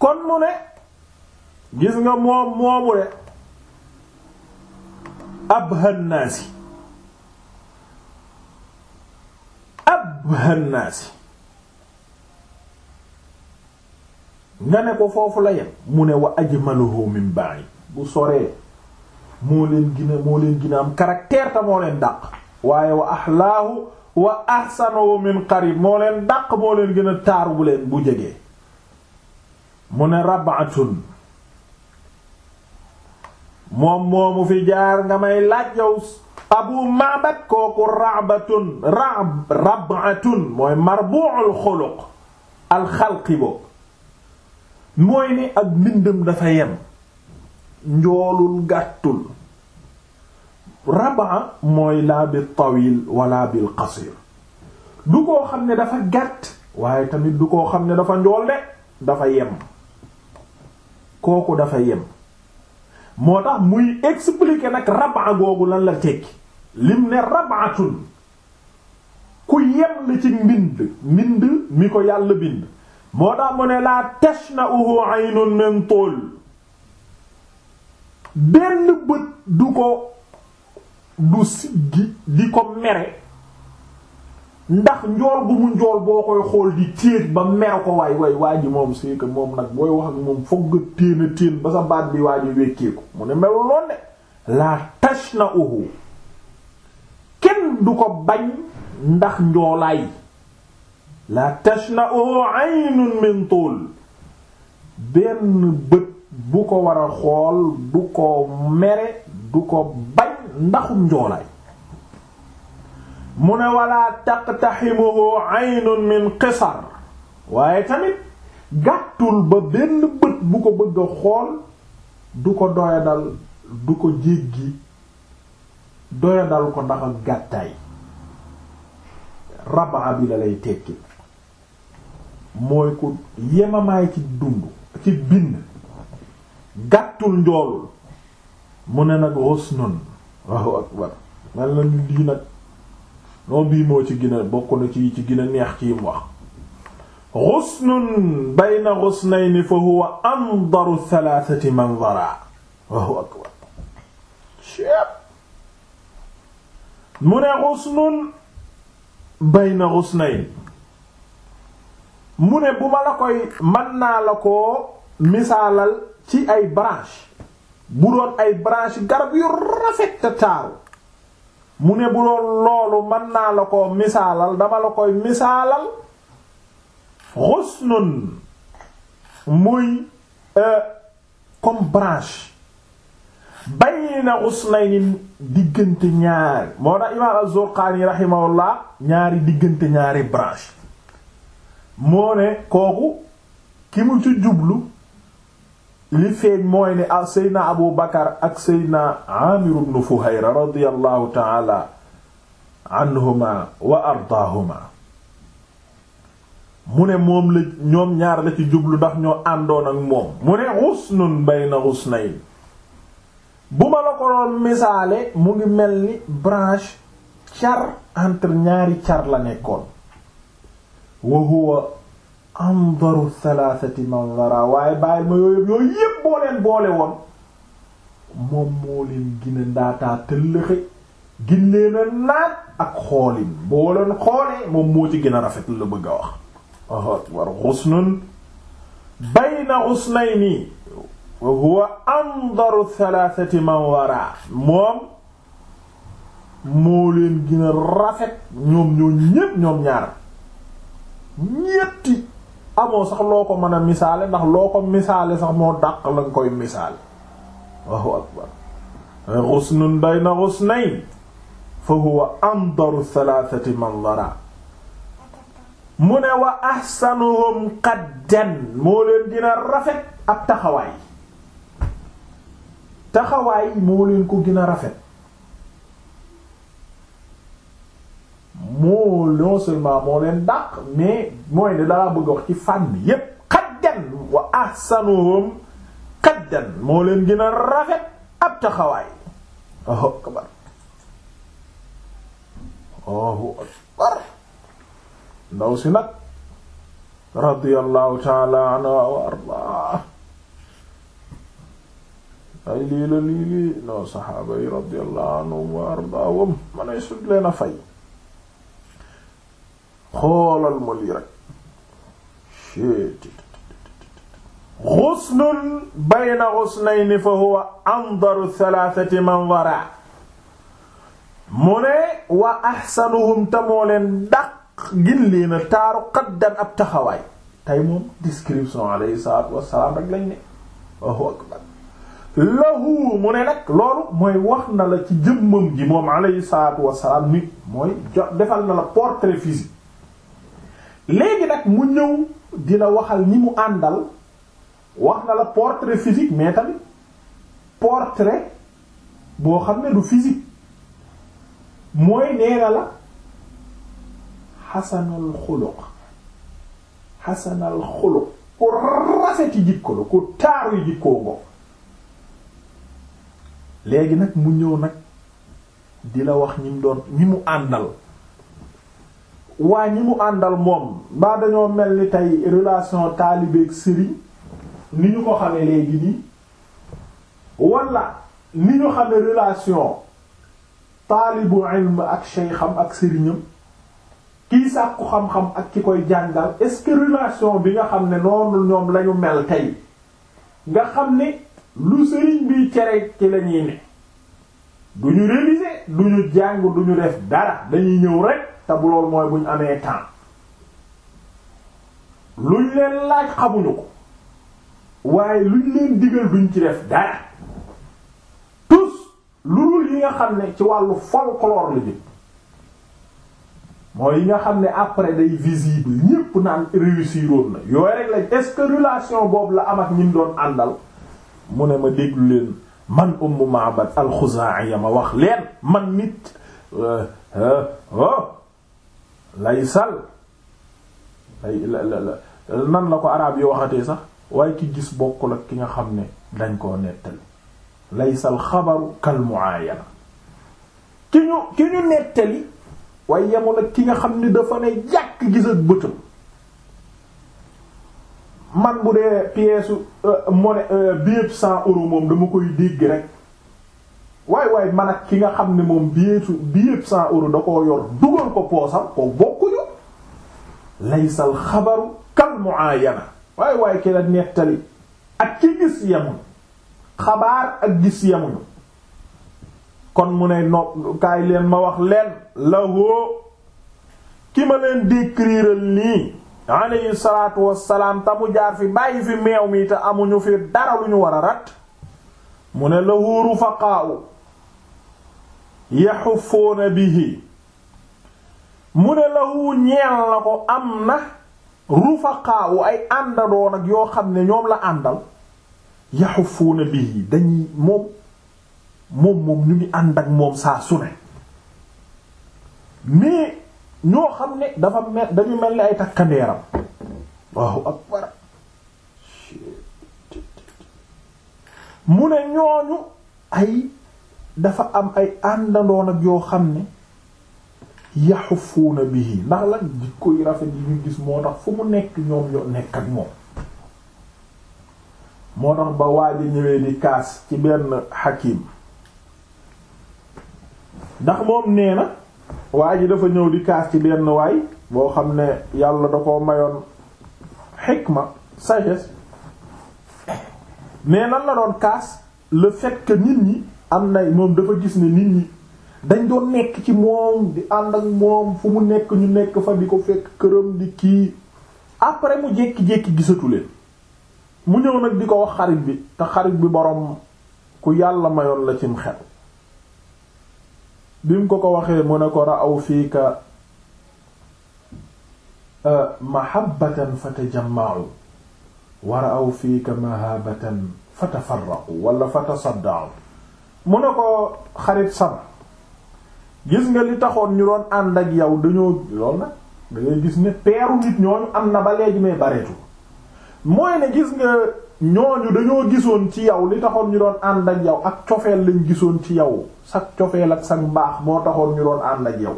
kon mu ne gis nga moom moomu de abhannaasi abhannaasi nga ne ko foofu la yem mu ne wa ajmaluhu min ba'i bu soree moo leen gina moo leen gina am caractère ta moo leen dàq waaye wa ahlaahu wa ahsanahu min qarib moo leen dàq moo leen gën a taaru leen bu jege mu ne rabatun moom moomu fi jaar nga may laaj yow abu ma'bad kooku rabatun rab mooy marbu'ul xuluq al xalqi mooy ni ak mbindam dafa yem njoolul gàttul raba mooy laa bil tawil wala bil qasir du koo xam ne dafa gàtt waaye tamit du koo xam ne dafa njool de dafa yem kooku dafa yem moo tax muy expliquer nag raba googu lan la tekki lim ne rabaatun ku yem la ci mbind mbind mi ko yàlla bind moo tax mu ne laa tashna'uhu aynun min tul benn bët du ko du siggi di ko mere ndax njool gu mu njool boo koy xool di téeg ba mer ko waay waay waa ji moom c'est que moom nag booy wax ak moom foog nga téen a ba sa baat bi waa ji wékkeeku mu ne melu lool ne laa tashna'uhu kenn du ko bañ ndax njoolaay la tashna'u aynun min tul benn bët bu ko war xool du ko mere du ko bañ ndaxum njoolaay mu ne wala taqtaximuhu aynun min qisar waaye tamit gàttul ba benn bët bu ko bëgg xool du ko doyadal du ko jéggi doyadal ko ndax gàttaay raba bi lay tekki mooy ku yemamaay ci dund ci bind gàttul njoolul mu ne nag husnun waaw akbar mel na lii nag noo bii moo ci gën a bokk na ci ci gën a neex ci yim wax husnun bayna husnayni fa huwa andaru thalathati manzara waaw akbar mu ne husnun bayna husnayni mu ne bu ma la koy mën naa la koo misaalal ci ay branche bu doon ay branche garab yu rafet te taaru mu ne bu doon loolu mën naa la ko misaalal dama la koy misaalal xusnun muy euh, comme branche bayna xusnayni diggante ñaari moo tax imaam az-Zurqaani rahimahullah ñaari diggante ñaari branche moo ne kooku ki mu ci jublu li feeñ mooy ne ah seydna abu bakar ak seydna amir ibn fuhayra radiyallahu taala anhuma wa ardaahuma mu ne moom la ñoom ñaar la ci jublu ndax ñoo àndoon ak moom mu ne xusnun bayna xusnayn bu ma la ko doon misaale mu ngi mel ni branche car entre ñaari car la nekkoon wa huwa andaru thalathati waaye bàyyi ma yooyu yépp boo leen boole woon moom moo leen gën ndaataa tëllëxe gin leen naat ak xoolin boo leen xoolee moom moo ci gën a rafet la bëgg a wax war xusnun bayna xusnayni wa huwa andaru thalathati manzara moom moo leen gën rafet ñoom ñoo ñépp ñoom ñaar ñetti amoo sax loo ko mën a misaale ndax loo ko misaale sax moo dàq la nga koy misaale waaw akbar xusnun bayna xusnayn fa huwa andaru thalathati mandara mu ne wa ahsanuhum qaddan moo leen dina rafet ab taxawaay taxawaay moo leen ko gën rafet moo non seulement moo leen dàq mais mooy ne dalaa bëgg wax ci fànn yépp xaddan wa ahsanuhum xaddan moo leen gën ab taxawaay Allahu akbar Allahu akbar ndaw si nag radiyallahu ta'ala anha wa ardaa ay lii la lii lii non saxaaba yi radiyallahu anhum wa ardaahum man ay sut leen a fay xoolal ma lii rek xusnun bayna xusnayni fa huwa andaru thalathati manzara mu ne wa ahsanuhum tamoo leen daq gin leena taaru qaddan ab taxawaay tey moom description alayhi salaatu wassalaam rek lañ ne Allahu akbar mu ne nag loolu mooy wax na la ci jëmmam ji moom alayhi mooy defal na la portrait physique léegi nag mu ñëw dina waxal ñi mu àndal wax na la portrait physique mais tamit portrait boo xam ne du physique mooy nee na la xasanal xuluq xasanal xuluq ku yi jikko la ku taaru jikkoo ngo léegi nag mu ñëw nag dina wax ñi mu doon ñi mu àndal waa ñi mu àndal moom ba dañoo mel ni tey relation taalibeeg sëriñ ni ñu ko xamee léegi nii wala ni ñu xamee relation taalibu ilm ak sheykham ak sëriñam kiy sàkku xam-xam ak ki koy jàngal est-ce que relation bi nga xam ne noonu ñoom lañu mel tey nga xam ne lu sëriñ biy cere ci lañuy ne duñu réviser duñu jàng duñu def dara dañuy ñëw rek te bu loolu mooy buñ amee temps luñ leen laaj xamuñu ko waaye luñ leen digal duñ ci def dara tous lu dul yi nga xam ne ci wàllu folklore la jëm mooy yi nga xam ne après day visible ñépp naan réussiroon na yooyu rek lañ est-ce que relation boobu la am ak ñi doon àndal mu ne ma déglu leen man Ummu Ma'bad al-Khuzaa'i ma wax leen man nit. Euh, euh, oh, sal la la nan la ko araab yi waxatee sax waaye ci gis bokkul ak ki nga xam ne dañ koo nettali laysal xabaru kal muaayana ki ñu ki ñu nettali waaye yemul ak ki nga xam ne dafa ne jàkk gis ak bëtam man bu dee pièce euh, monnaie euh, billet cent euros moom dama koy dégg rek waay waay man ak ki nga xam ne moom biyeetu biyëb cent euros da koo yor dugal ko poosam ko bokkuñu laysal xabaru kal muayana waay waay ki la nettali ak ci gis yemuñu xabaar ak gis yemuñu kon mu ne no kaay leen ma wax leen la ki ma leen décrire nii alayhi salaatu wassalaam ta jaar fi bàyyi fi meew mi te amuñu fi dara lu ñu war a rat mu ne lahu rufaqaa'u yaxufoona bihi mu ne lahu ñeel na ko am na rufaqaa'u ay àndaloo nag yoo xam ne ñoom la àndal yaxufoona bihi dañuy moom moom moom ñu ngi ànd ak moom saa sune ne ñoo xam ne dafa mel dañu mel ni ay takkandeeram waaw mu ne ñooñu ay dafa am ay àndandoon ak yoo xam ne yaxufuuna bihi ndax lan jikko rafet yi ñu gis moo tax fu mu nekk ñoom ñoo nekk ak moom moo tax ba waaja ñëwee di kaas ci benn hakim ndax moom nee na waa ji dafa ñëw di kaas ci benn waay boo xam ne yàlla da ko mayoon xikma sagesse mais nan la doon kaas la fekk que nit ñi am na moom dafa gis ne nit ñi dañ doon nekk ci moom di ànd ak moom fu mu nekk ñu nekk fa di ko fekk këram di kii après mu jékki-jékki gisatu leen mu ñëw nag di ko wax xarit bi te xarit bi boroom ku yàlla mayoon la cim xel bi mu ko ko waxee mu ne ko ra'aw fiika eh, mahabbatan fatajamma'u wara aw fiika mahabatan fatafarraqu wala fatasadda'u mu ne ko xarit sama gis nga li taxoon ñu doon ànd ak yow dañoo lool nag da gis ne peeru nit ñoon am na ba léegi may bareetu mooy ne gis nga ñooñu dañoo gisoon ci yow li taxoon ñu doon ànd ak yow ak cofeel lañ gisoon ci yow sax cofeel ak sax mbaax moo taxoon ñu doon ànd ak yow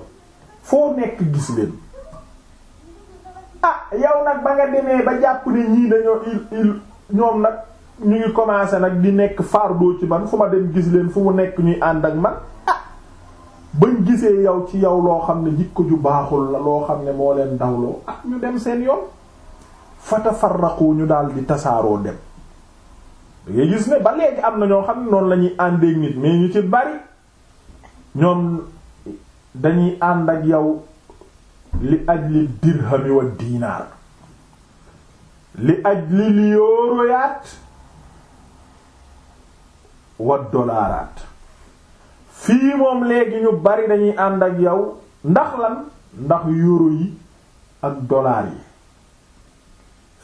foo nekk gis leen yow nag ba nga demee ba jàpp ne ñii dañoo il il ñoom nag ñu ngi commencé nag di nekk fardeau ci man fu ma dem gis leen fu mu nekk ñuy ànd ak man ah bañ gisee yow ci yow loo xam ne jikko ju baaxul la loo xam ne moo leen dawloo ah ñu dem seen yoon fatafarraqu ñu daal di tasaaroo dem da ngay gis ne ba léegi am na ñoo xam ne noonu lañuy ñuy àndeek nit mais ñu ci bari ñoom dañuy ànd ak yow li ajli dirhami wa diinaar li ajli li yóoroyaat wa dolaaraat fii moom léegi ñu bari dañuy ànd ak yow ndax lan ndax euro yi ak dollar yi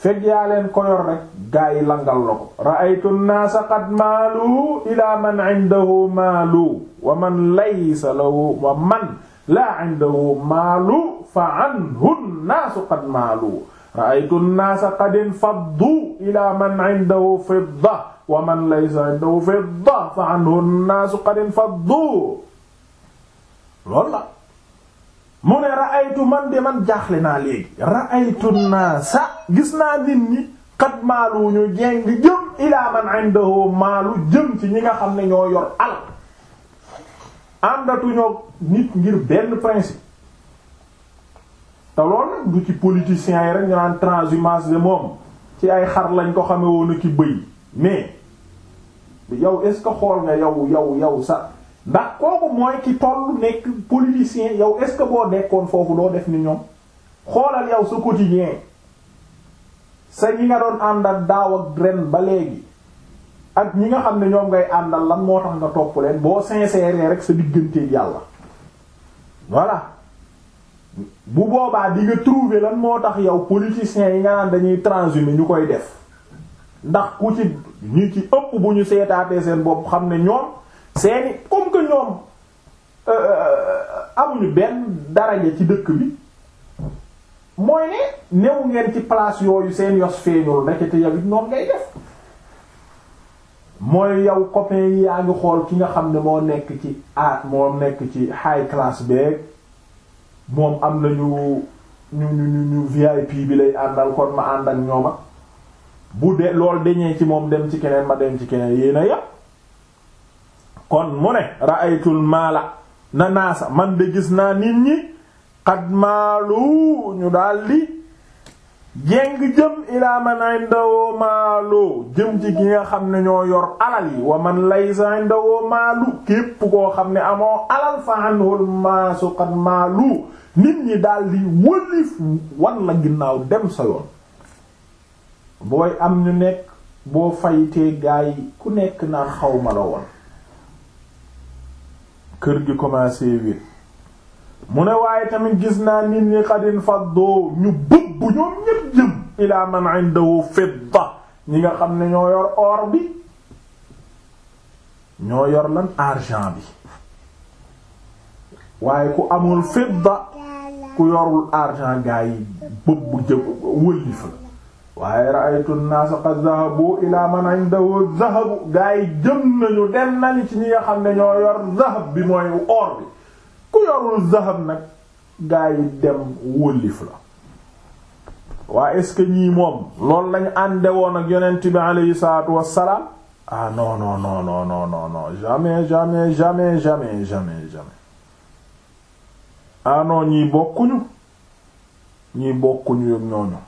fekk yaa leen ko yor rek langal la ko ra'aytu an-naasa qad maalu ila man 'indahu maalu wa man laysa lahu wa man laa indahu maalu fa anhu nnaasu qad maalu raaytu nnaasa qad infaddu ila man indahu fidda wa man laysa indahu fidda fa anhu nnaasu qad infaddu loolu la mu ne raaytu man de man jaaxle naa léegi raaytu nnaasa gis naa nit ñi qad maalu ñu jéng jëm ila man indahu maalu jëm ci ñi nga xam ne ñoo yor alal àndatuñoo nit ngir benn principe te loolu nag du ci politiciens yi rek ñu naan transhumance de moom ci ay xar lañ ko xame woon ki bëy mais yow est-ce que xool nga yow yow yow sa ndax kooku mooy ki toll nekk politicien yow est-ce que boo nekkoon foofu doo def ni ñoom xoolal yow sa quotidien sa ñi nga doon ànd daaw ak ren ba léegi ak ñi nga xam ne ñoom ngay àndal lan moo tax nga topp leen boo sincère rek sa digganteeg yàlla voilà bu boobaa di nga trouver lan moo tax yow politiciens yi nga naan dañuy transhumé ñu koy def ndax ku ci ñi ci ëpp bu ñu seetaatee seen bopp xam ne ñoom seeni comme que ñoom euh, euh, amuñu benn dara daraja ci dëkk bi mooy ne néew ngeen ci place yooyu seen yos feeñul ndekete yow it noonu ngay def mooy yow copain yaa ngi xool ki nga xam ne moo nekk ci art moo nekk ci high class beeg moom am na ñu ñu ñu ñu VIP bi lay àndal kon ma ànd ak ñooma bu de lool dañee ci moom dem ci keneen ma dem ci keneen yéen a kon mu ne ra'aytul maala na man de gis naa nit ñi xat maalu ñu daldi jéng jëm ilaa man indahu maalu jëm ci ki nga xam ne ñoo yor alal yi wa man laysa indahu maalu képp koo xam ne amoo alal fa anhul maasu qad maalu nit ñi daldi di wëlif wan la ginnaaw dem sa yoon booy am ñu nekk boo faytee gaa ku nekk naan xaw ma la woon kër gi commencé wit mu ne waaye tamit gis naa nit ñi xadin faddo ñu bëbb ñoom ñëpp jëm ilaa man indahu fidda ñi nga xam ne ñoo yor or bi ñoo yor lan argent bi waaye ku amul fidda ku yor argent gaa yi bëbb jëm wëllif la waaye ra'aytu an qad dhahabu ila man indahu dhahab gaa yi jëm nañu dem na ci ñi nga xam ne ñoo yor dhahab bi mooy or bi ku yorul zahab nag gaa yi dem wóllif la waa est ñii moom loolu lañu ànde woon ak yonent bi aleyhi salaatu wassalaam ah non non non non non non jamais jamais jamais jamais ah non ñii bokkuñu ñii bokkuñu yëpp ñooñu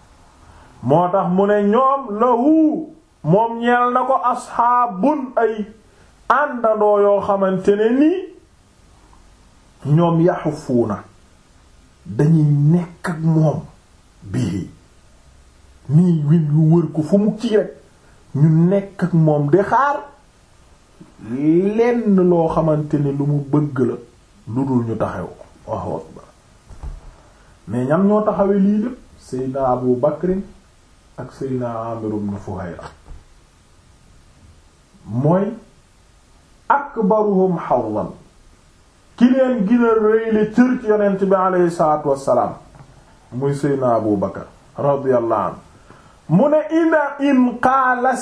moo tax mu ne ñoom lahu moom ñeel na ko asxaabun ay àndandoo yoo xamante ne nii ñoom yaxufuuna dañuy nekk ak moom bii nii win yu wër ko fu mu kii rek ñu nekk ak moom di xaar lenn loo xamante ni lu mu bëgg la lu dul ñu taxaw wax mais ñam ñoo taxawee lii lépp Seydina Abu Bakrin ak Seydina Amir ibn Fuhayra mooy akbaruhum hawlan ki leen gën a rëy le yonent bi aleyhi salaatu wassalaam muy seydna abu bakar radiyallahu anhu mu ne ina in qaala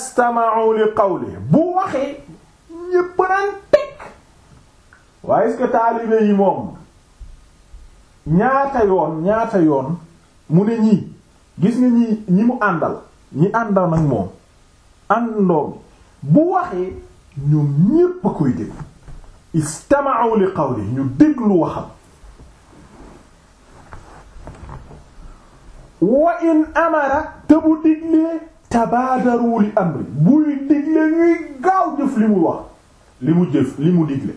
li qawli bu waxee ñépp naan teg waaye est-ce que yi moom ñaata yoon ñaata yoon mu ne ñii gis nga ñi ñi mu àndal ñi àndal nag moom àndoom bu waxee ñoom ñépp a koy dégg istama'u li qawli ñu déglu waxam wa in amara te bu diglee tabaadaru li amri buy digle ñuy gaaw jëf li mu wax li mu jëf li mu digle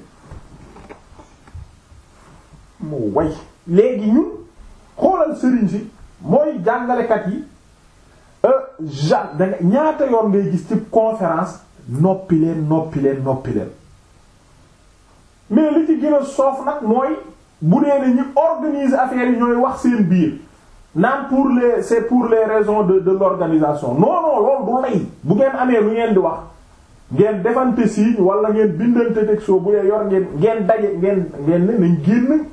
mu way léegi ñun xoolal sëriñ si mooy jàngalekat yi genre euh, danga ñaata yoon ngay gis ci conférence noppi leen noppi leen noppi leen mais li ci gën a soof nag mooy bu dee ne ñu organiser affaire yi ñooy wax seen biir naan pour les c'est pour les raisons de de l'organisation non non loolu du lay bu ngeen amee lu ngeen di wax ngeen defante signe wala ngeen bindante texto bu dee yor ngeen ngeen daje ngeen ngeen ne nañ génn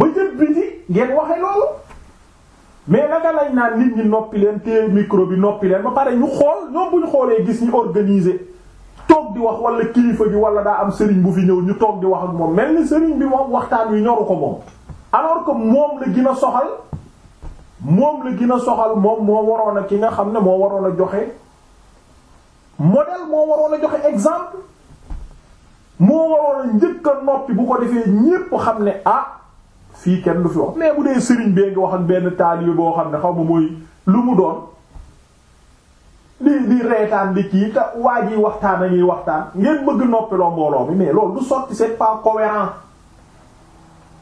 ba jëb bi ci ngeen waxe loolu mais naka lañ naan nit ñi noppi leen téye micro bi noppi leen ba pare ñu xool ñoom bu ñu xoolee gis ñu organiser. toog di wax wala kilifa bi wala daa am sëriñ bu fi ñëw ñu toog di wax ak moom mel ni sëriñ bi moom waxtaan wi ñoru ko moom alors que moom la gin a soxal moom la gën a soxal moom moo waroon a ki nga xam ne moo waroon a joxe modèle moo waroon a joxe exemple moo waroon a njëkk a noppi bu ko defee ñépp xam ne ah fii kenn du fi wax mais bu dee sëriñ bee ngi wax ak benn taalibe boo xam ne xaw ma muy lu mu doon di di reetaan di kii te waa ji waxtaan a ñuy waxtaan ngeen bëgg noppiloo mbooloo mi mais loolu du sotti c'est pas cohérent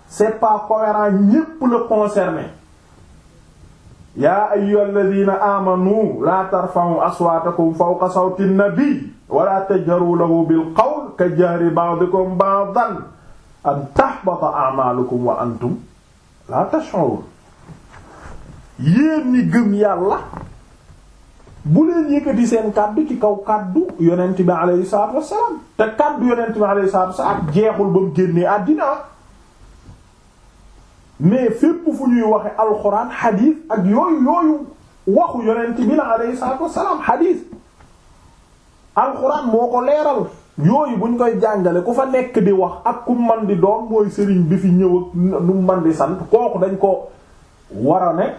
c'est pas cohérent ñépp la concerné yaa ayyuha alladina amanu la tarfa'u aswaatakum fawqa sawti nabi wala tajharu lahu bil qawl ka jahri ba'dikum ba'dan an tahbata a'malukum wa antum la tash'urun yéen ñi gëm yàlla bu leen yëkkati seen kàddu ci kaw kàddu yonent bi alayhi salaatu wassalaam te kàddu yonent bi alayhi salaatu wassalaam jeexul ba mu génnee àddina mais fépp fu ñuy waxe alxuraan xadiis ak yooyu yooyu waxu yonent bi la alayhi salaatu wassalaam xadiis alxuraan moo ko leeral yooyu buñ koy jàngale ku fa nekk di wax ak ku man di doon mooy sëriñ bi fi ñëw ak nu man sant kooku dañ ko war a nekk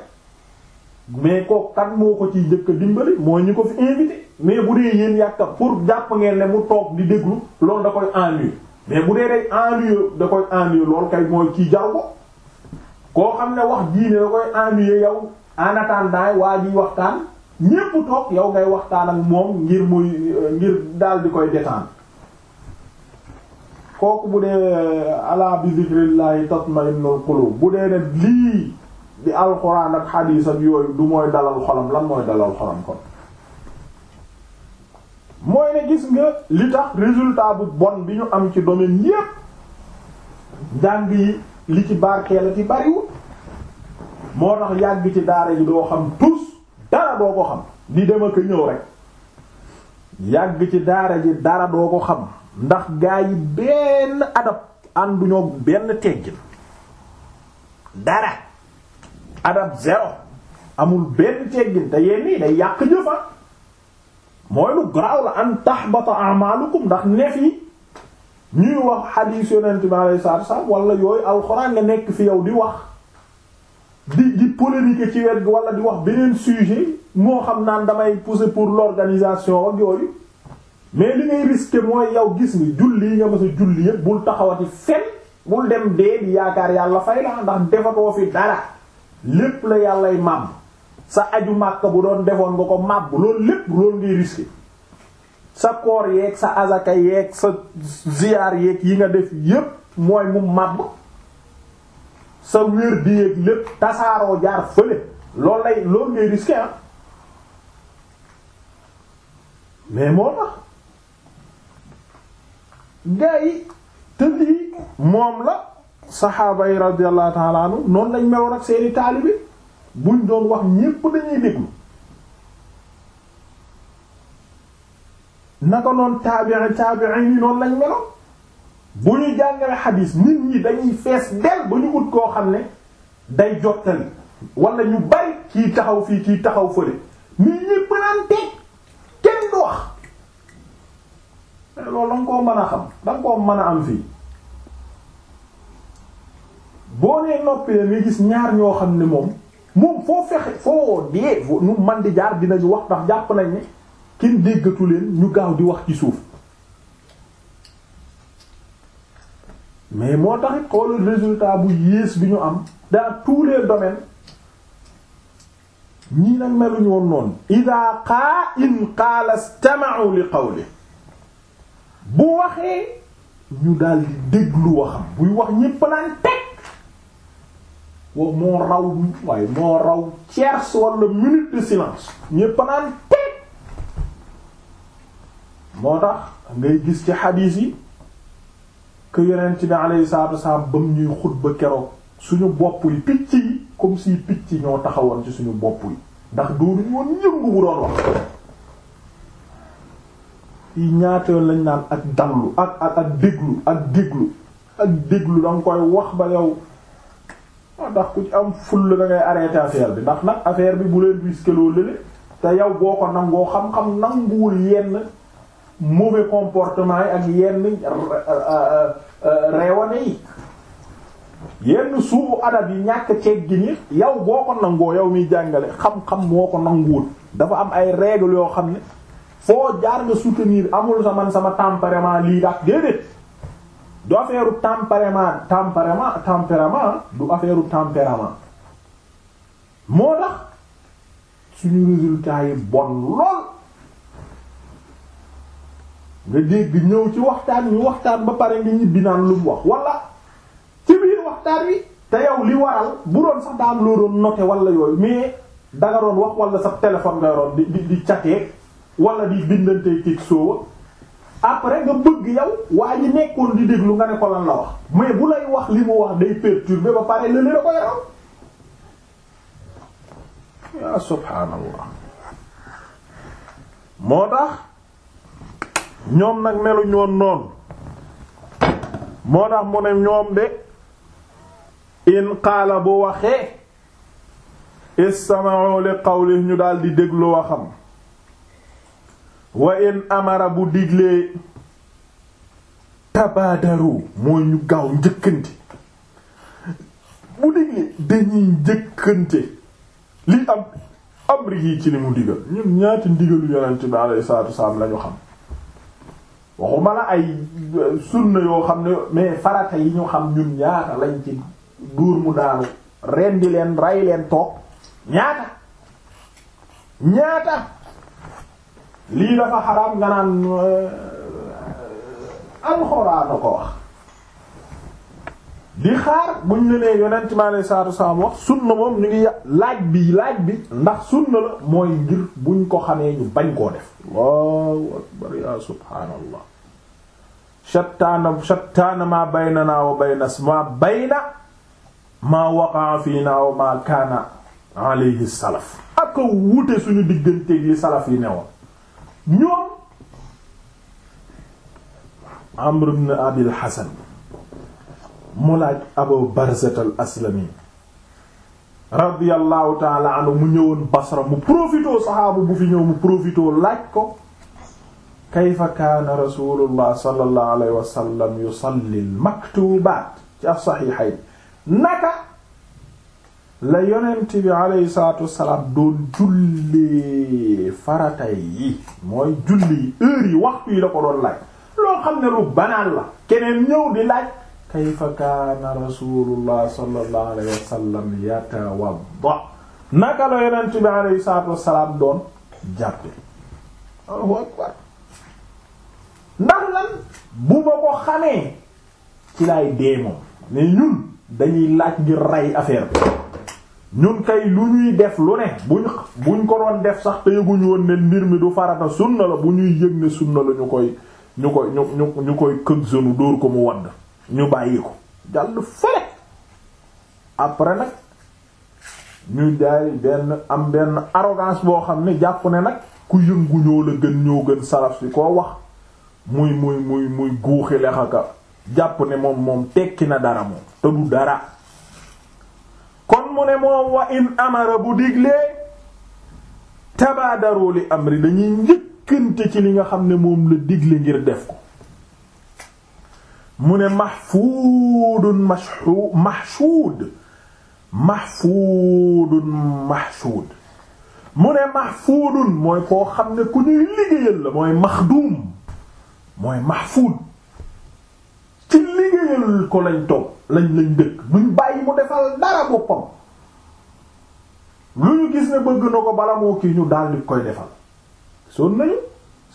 mais kooku kan moo ko ci jëkk a dimbali mooy ñi ko fi invité mais bu dee yéen yàkka pour jàpp ngeen ne mu toog di déglu lool da koy ennuyer mais bu dee day ennuyer da koy ennuyer loolu kay mooy kii jaw ko koo xam ne wax diine da koy ennuyer yow en attendant waa ji waxtaan ñépp toog yow ngay waxtaan ak moom ngir muy euh, ngir daal di koy détendre kooku bu dee euh, ala bi zikrillahi tatma'innul qulub bu dee ne lii bi alxuraan ak xadiis ak yooyu du mooy dalal xolam lan mooy dalal xolam kon mooy ne gis nga li tax résultat bu bon bi ñu am ci domaine yépp njàng yi li ci barkeel ci bariwul moo tax yàgg ci daara ji doo xam tus dara doo ko xam di dem ak ñëw rek yàgg ci daara ji dara doo ko xam ndax gaa yi benn adab ànduñoo benn teggin dara adab zéro amul benn teggin te yéen day yàq jëfa mooy lu garaaw la an tahbata a'malukum ndax neef yi ñuy wax xadiis yonent bi alayhi salaatu wasallam wala yooyu alxuraan nga nekk fi yow di wax di di polémique ci wet gi wala di wax beneen sujet moo xam naan damay pousser pour l'organisation ak yooyu mais li ngay risquer mooy yow gis ni julli yi nga mës a julli yëpp bul taxawati fen bul dem dee di yaakaar yàlla fay la ndax defatoo fi dara lépp la yàllay maam sa aju màkk bu doon defoon nga ko màbb loolu lépp loolu ngay risqué sa koor yeeg sa azaka yeeg sa ziyaar yeeg yi nga def yépp mooy mu màbb sa wér di yeeg lépp tasaaroo jaar fële loolu lay loolu ngay risqué ah mais moo tax gars yi moom la saxaaba yi radiyallahu ta'ala noonu lañ meloon ak seeni taalibe buñ doon wax ñépp dañuy noon taabi'i taabi'i yi noonu lañ meloon bu ñu jàngale xadiis nit ñi dañuy fees del ba ñu ut koo xam ne day jottali wala ñu bari kii taxaw fii kii taxaw fële nit ñi banaan teg kenn wax loolu danga koo mën a xam danga koo mën a am fii boo nee noppee nga gis ñaar ñoo xam ne moom moom foo fexe foo dee nu man di jaar dinañu wax ndax jàpp nañ ne kenn déggatu leen ñu gaaw di wax ci suuf mais moo tax it xoolal résultat bu yées bi ñu am dans tous les domaines ñii nag meluñu woon noonu ida qaa in qaala istama'u li qawli bu waxee ñu daal di déglu waxam buy wax ñépp naan teg waaw moo raw waaye moo raw tiers wala minute de silence ñépp naan teg moo tax ngay gis ci xadiis yi que yonent bi alayhi salaatu wasalaam bam ñuy xutba keroog suñu bopp yi picc yi comme si picc ñoo taxawoon ci suñu bopp yi ndax doonuñu woon yëngu bu doon wax yi ñaata yoon lañ naan ak dallu ak ak ak déglu ak déglu ak déglu danga koy wax ba yow Ah, ndax ku ci am fulla da ngay arrêté bi ndax nag affaire bi bu leen risque loolu lële te yow boo ko nangoo xam-xam nanguwul yenn mauvais comportement yi ak yenn euh, euh, euh, reewane yi yenn suufu adab yi ñàkk teggin yi yow boo ko nangoo yow miy jàngale xam-xam moo ko nanguwul dafa am ay règles yoo xam ne foo jaar nga soutenir amul sa man sama tempérament lii daak déedéet du affaire u tempérament tempérament tempérament du affaire u moo tax suñu résultat yi bon lool nga dégg ñëw ci waxtaan mu waxtaan ba pare nga ñibbi naan lu mu wax wala ci biir waxtaan wi te yow li waral bu doon sax daam loo doon noté wala yooyu mais danga doon wax wala sa téléphone nga yoroon di di di catee wala di bindante teg soowa après nga bëgg yow waa ji nekkoon di déglu nga ne ko lan la wax mais bu lay wax li mu wax day perturbé ba pare lële da koy raw yaa subhaanallah moo tax ñoom nag melu ñoon noonu moo tax mu ne ñoom de in qaala bu waxee istama'u li qawli ñu daal di déglu waxam wa in amara bu diglee tabaadaru mooy ñu gaaw njëkkante bu diglee dañuy njëkkante li am am yi ci li mu digal ñun ñaati ndigalu yonent bi alayhi salaatu wasallam lañu xam waxuma la ay euh, sunna yoo xam ne mais farata yi ñu xam ñun ñaata lañ ci duur mu daanu rendi leen ray leen toog ñaata ñaata lii dafa xaraam nga naan euh, alxuraan ko wax di xaar buñ ne nee yonent mi alayhi salaatu wasallam wax sunna moom ñu ngi laaj bi laaj bi ndax sunna la mooy ngir buñ ko xamee ñu bañ koo def allahu akbar ya subhaanallah shattaana shattaana ma baynana bayna ma bayna ma waqa'a fiina kaana alayhi salaf aka wute suñu diggante li salaf yi newoon ñoom amr ibn abil hasan mu laaj abu barzat al aslami radiyallahu taala anhu mu ñëwoon basra mu profitoo saxaabu bu fi ñëw mu profitoo laaj ko kayfa kaana rasulullah sallallahu alayhi wa sallam yusalli al maktubaat ci as-sahihayn naka la yonent bi aleyhi salaatu wassalaam doon jullee farata yi mooy julli yi yi waxtu yi la ko doon laaj loo xam ne lu banal la keneen ñëw di laaj kayfa kaana rasulullah sallallahu alayhi wasallam yatawadda naka la yonent bi aleyhi salaatu wassalaam doon jàppe Allahu ndax lan bu ma ko xamee ci lay dee moom mais ñun dañuy laaj ngir rey affaire bi ñun kay lu ñuy def lu ne buñ buñ ko doon def sax te yëguñu woon ne mbir mi du farata sunna la bu ñuy yëg ne sunna la ñu koy ñu koy ñu ñu ñu koy këg sunu dóor ko mu wadd ñu bàyyi ko jàll fële après nag ñu jaay benn am benn arrogance boo xam ne jàpp ne nag ku yëngu ñoo la gën ñoo gën salaf si koo wax muy muy muy muy guuxi lexaka jàpp ne moom moom tekki na dara moom te du dara kon mu ne moom wa in amara bu diglee tabaadaru li amri dañuy njëkkante ci li nga xam ne moom la digle ngir def ko mu ne mahfuudun mashu mahshuud mahfuudun mahshuud mu ne mahfuudun mooy koo xam ne ku ñuy liggéeyal la mooy maxduum mooy mahfuud liggéeyal ko lañ toog lañ lañ dëkk duñ bàyyi mu defal dara boppam lu ñu gis ne bëgg na ko bala moo kii ñu daal di koy defal soo nañu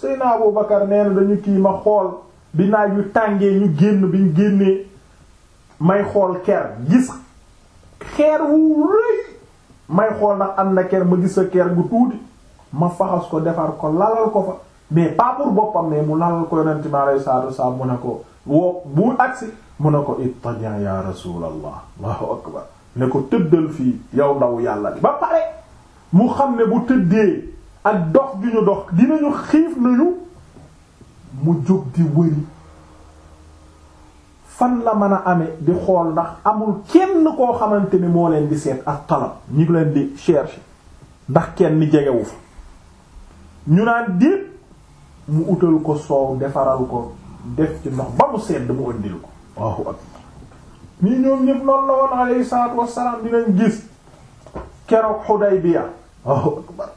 Seydina Abu Bakar nee na dañu kii ma xool bi naaj yu tàngee ñu génn bi ñu génnee may xool ker gis xeer wu rëy may xool ndax am na ker ma gis sa ker bu tuuti ma faxas ko defar ko lalal ko fa mais pas boppam ne mu lalal ko yonent bi alayhi salaatu wa salaam ne ko woo bu agsi mu ne ko ittaja ya rasulallah allahu akbar ne ko tëddal fii yow ndaw yàlla bi ba pare mu xam ne bu tëddee ak dox gi ñu dox dinañu xiif nañu mu jóg di wëri fan la mën a ame di xool ndax amul kenn koo xamante ni moo leen di seet ak talab ñu leen di chercher ndax kenn jegewu fa ñu naan déet mu utal ko soow defaral ko def ci ndox ba mu sedd mu ëndil ko waaw ak nii ñoom ñëpp noonu la woon alayhi salaatu wassalaam dinañ gis keroog Xudaybiya waaw akbar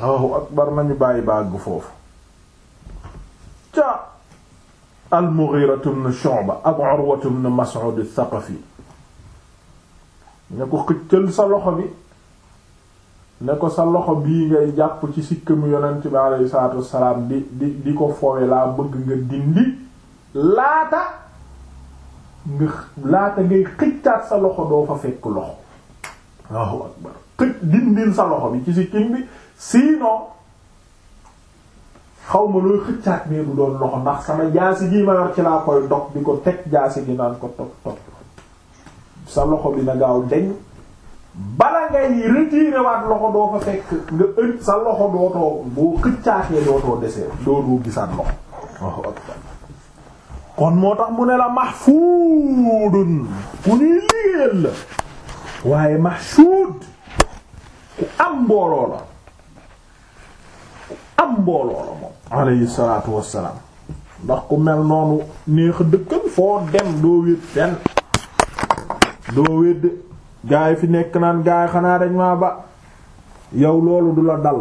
waaw akbar nañu bàyyi bàgg foofu ca al-Mughira ibn Shu'ba ak Urwa ibn Mas'ud ath-Thaqafi ne ko xëccal sa loxo bi ne ko sa loxo bii ngay jàpp ci sikkamu yonent bi alayhi salaatu wassalaam di di ko foowe laa bëgg nga dindi laata nga laata ngay xëccaat sa loxo doo fa fekk loxo Allahu akbar xëcc dindil sa loxo bi ci sikkim xaw ma looy doon loxo ndax sama jaasi gi ma yor ci laa koy dog di ko teg jaasi gi naan ko tog tog sa loxo bi na gaaw deñ bala ngay retiré waat loxo doo fa fekk nga ëñ sa loxo dootoo boo xëccaaxee dootoo desee dootoo gisaat loxo kon moo tax mu ne la mahfuudun ku ñuy liggéeyal la waaye mahshuud ku am mbooloo la ku am mbooloo la moom alayhi salaatu wassalaam ndax ku mel noonu neex dëkkal foo dem doo wéet fenn doo wéet gaa fi nekk naan gaa xanaa dañ maa ba yow loolu du la dal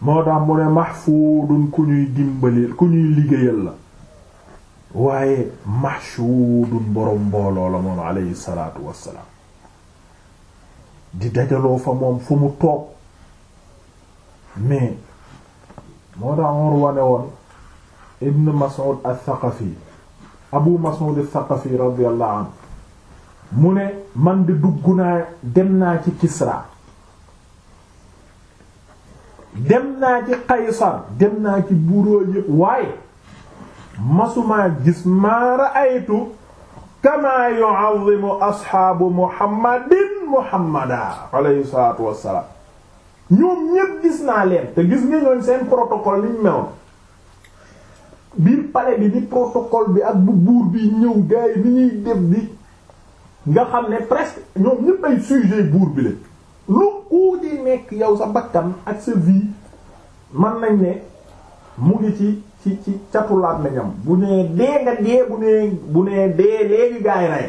moo tax mu ne mahfuudun ku ñuy dimbali ku ñuy liggéeyal la waaye mahshuudun borom mbooloo la moom alayhi salaatu wassalaam di dajaloo fa moom fu mu toog mais moo tax Urwa wane woon Ibn Mas'ud al-Thaqafi Abu Mas'ud al-Thaqafi radiyallahu anhu mu ne man di dugg naa dem naa ci Kisra dem naa ci Qaysar dem naa ci bureau yëpp waaye masumaa gis maa ra'aytu kama yu'azzimu asxaabu muhammadin muhammada alayhi salaatu wassalaam ñoom ñépp gis naa leen te gis nga ñooñ seen protocole liñ mewoon biir palais bi di protocole bi ak bu buur bi ñëw gaay bi ñuy def bi nga xam ne presque ñoom ñëpp ay sujet buur bi la lu ku di nekk yow sa bakkan ak sa vie mën nañ ne mu ngi ci ci ci catulaat nañam bu ne dee nga dee bu nee bu nee dee léegi gaay rey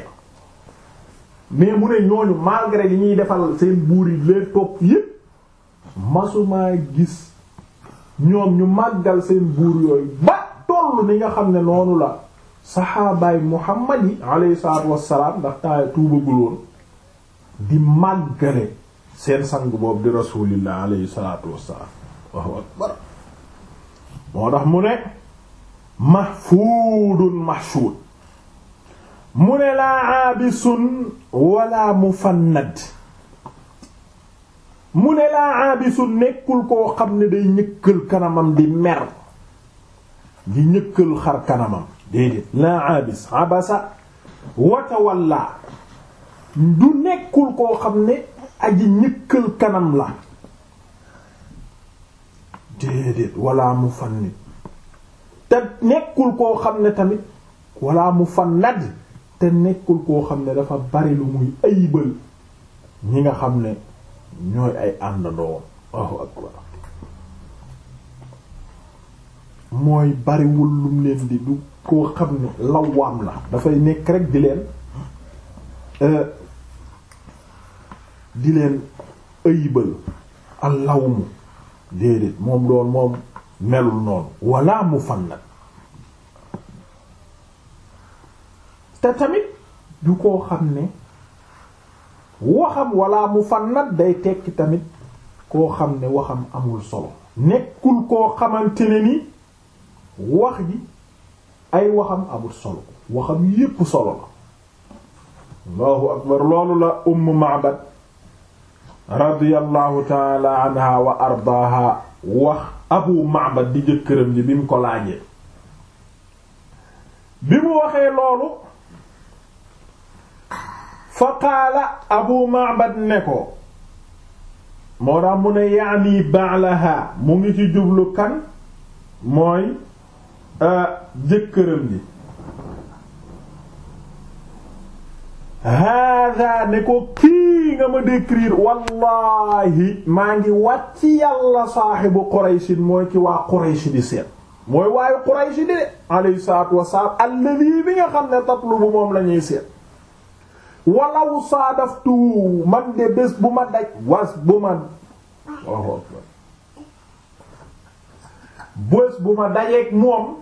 mais mu ne ñooñu malgré yi ñuy defal seen buur yi leen topp yépp masumaa gis ñoom ñu màggal seen buur yooyu ba toll ni nga xam ne noonu la saxaabaay muhammad yi alayhi salaatu wassalaam ndax taay tuubagul woon di màggale seen sang boobu di rasulillah alayhi salaatu wassalaam waaw akbar moo tax mu ne mahfuudun mahshuud mu ne laa aabisun wala mufannad mu ne laa aabisun nekkul koo xam ne day ñëkkal kanamam di mer di ñëkkal xar kanamam déedéet laa abis abasa watawalla du nekkul koo xam ne aji ñëkkal kanam la déedéet wala mu fannit te nekkul koo xam ne tamit wala mu fannad te nekkul koo xam ne dafa bari lu muy ayibal ñi nga xam ne ñooy ay àndandoo Allahu akbar mooy bariwul lum leen di du koo xam ne lawaam la dafay nekk rek di leen euh, di leen ëybal al lawmu déedéet moom doon moom melul noonu wala mu fan nag te tamit du koo xam ne waxam wala mu fannat day tekki tamit koo xam ne waxam amul solo nekkul koo xamante ni wax ji ay waxam amul solo waxam yépp solo la allahu akbar loolu la umm ma'bad radiyallahu taala wax abu ma'bad di jëkkëram ji bi mu ko laajee bi mu waxee loolu fa qaala abu ma'bad ne ko moo tax mu ne yaani baalaha mu ngi ci jublu kan mooy jëkkëram ji hada ne ko kii nga ma décrire wallahi maa ngi wàcc yàlla saaxibu Quraysh mooy ki waa Quraysh di seet mooy waayu Quraysh di de alayhi salaatu wasalaam alladi bi nga xam ne tatlubu moom la ñuy seet walaw saadaftu man de bés bu ma daj was bu ma bu ma dajeek moom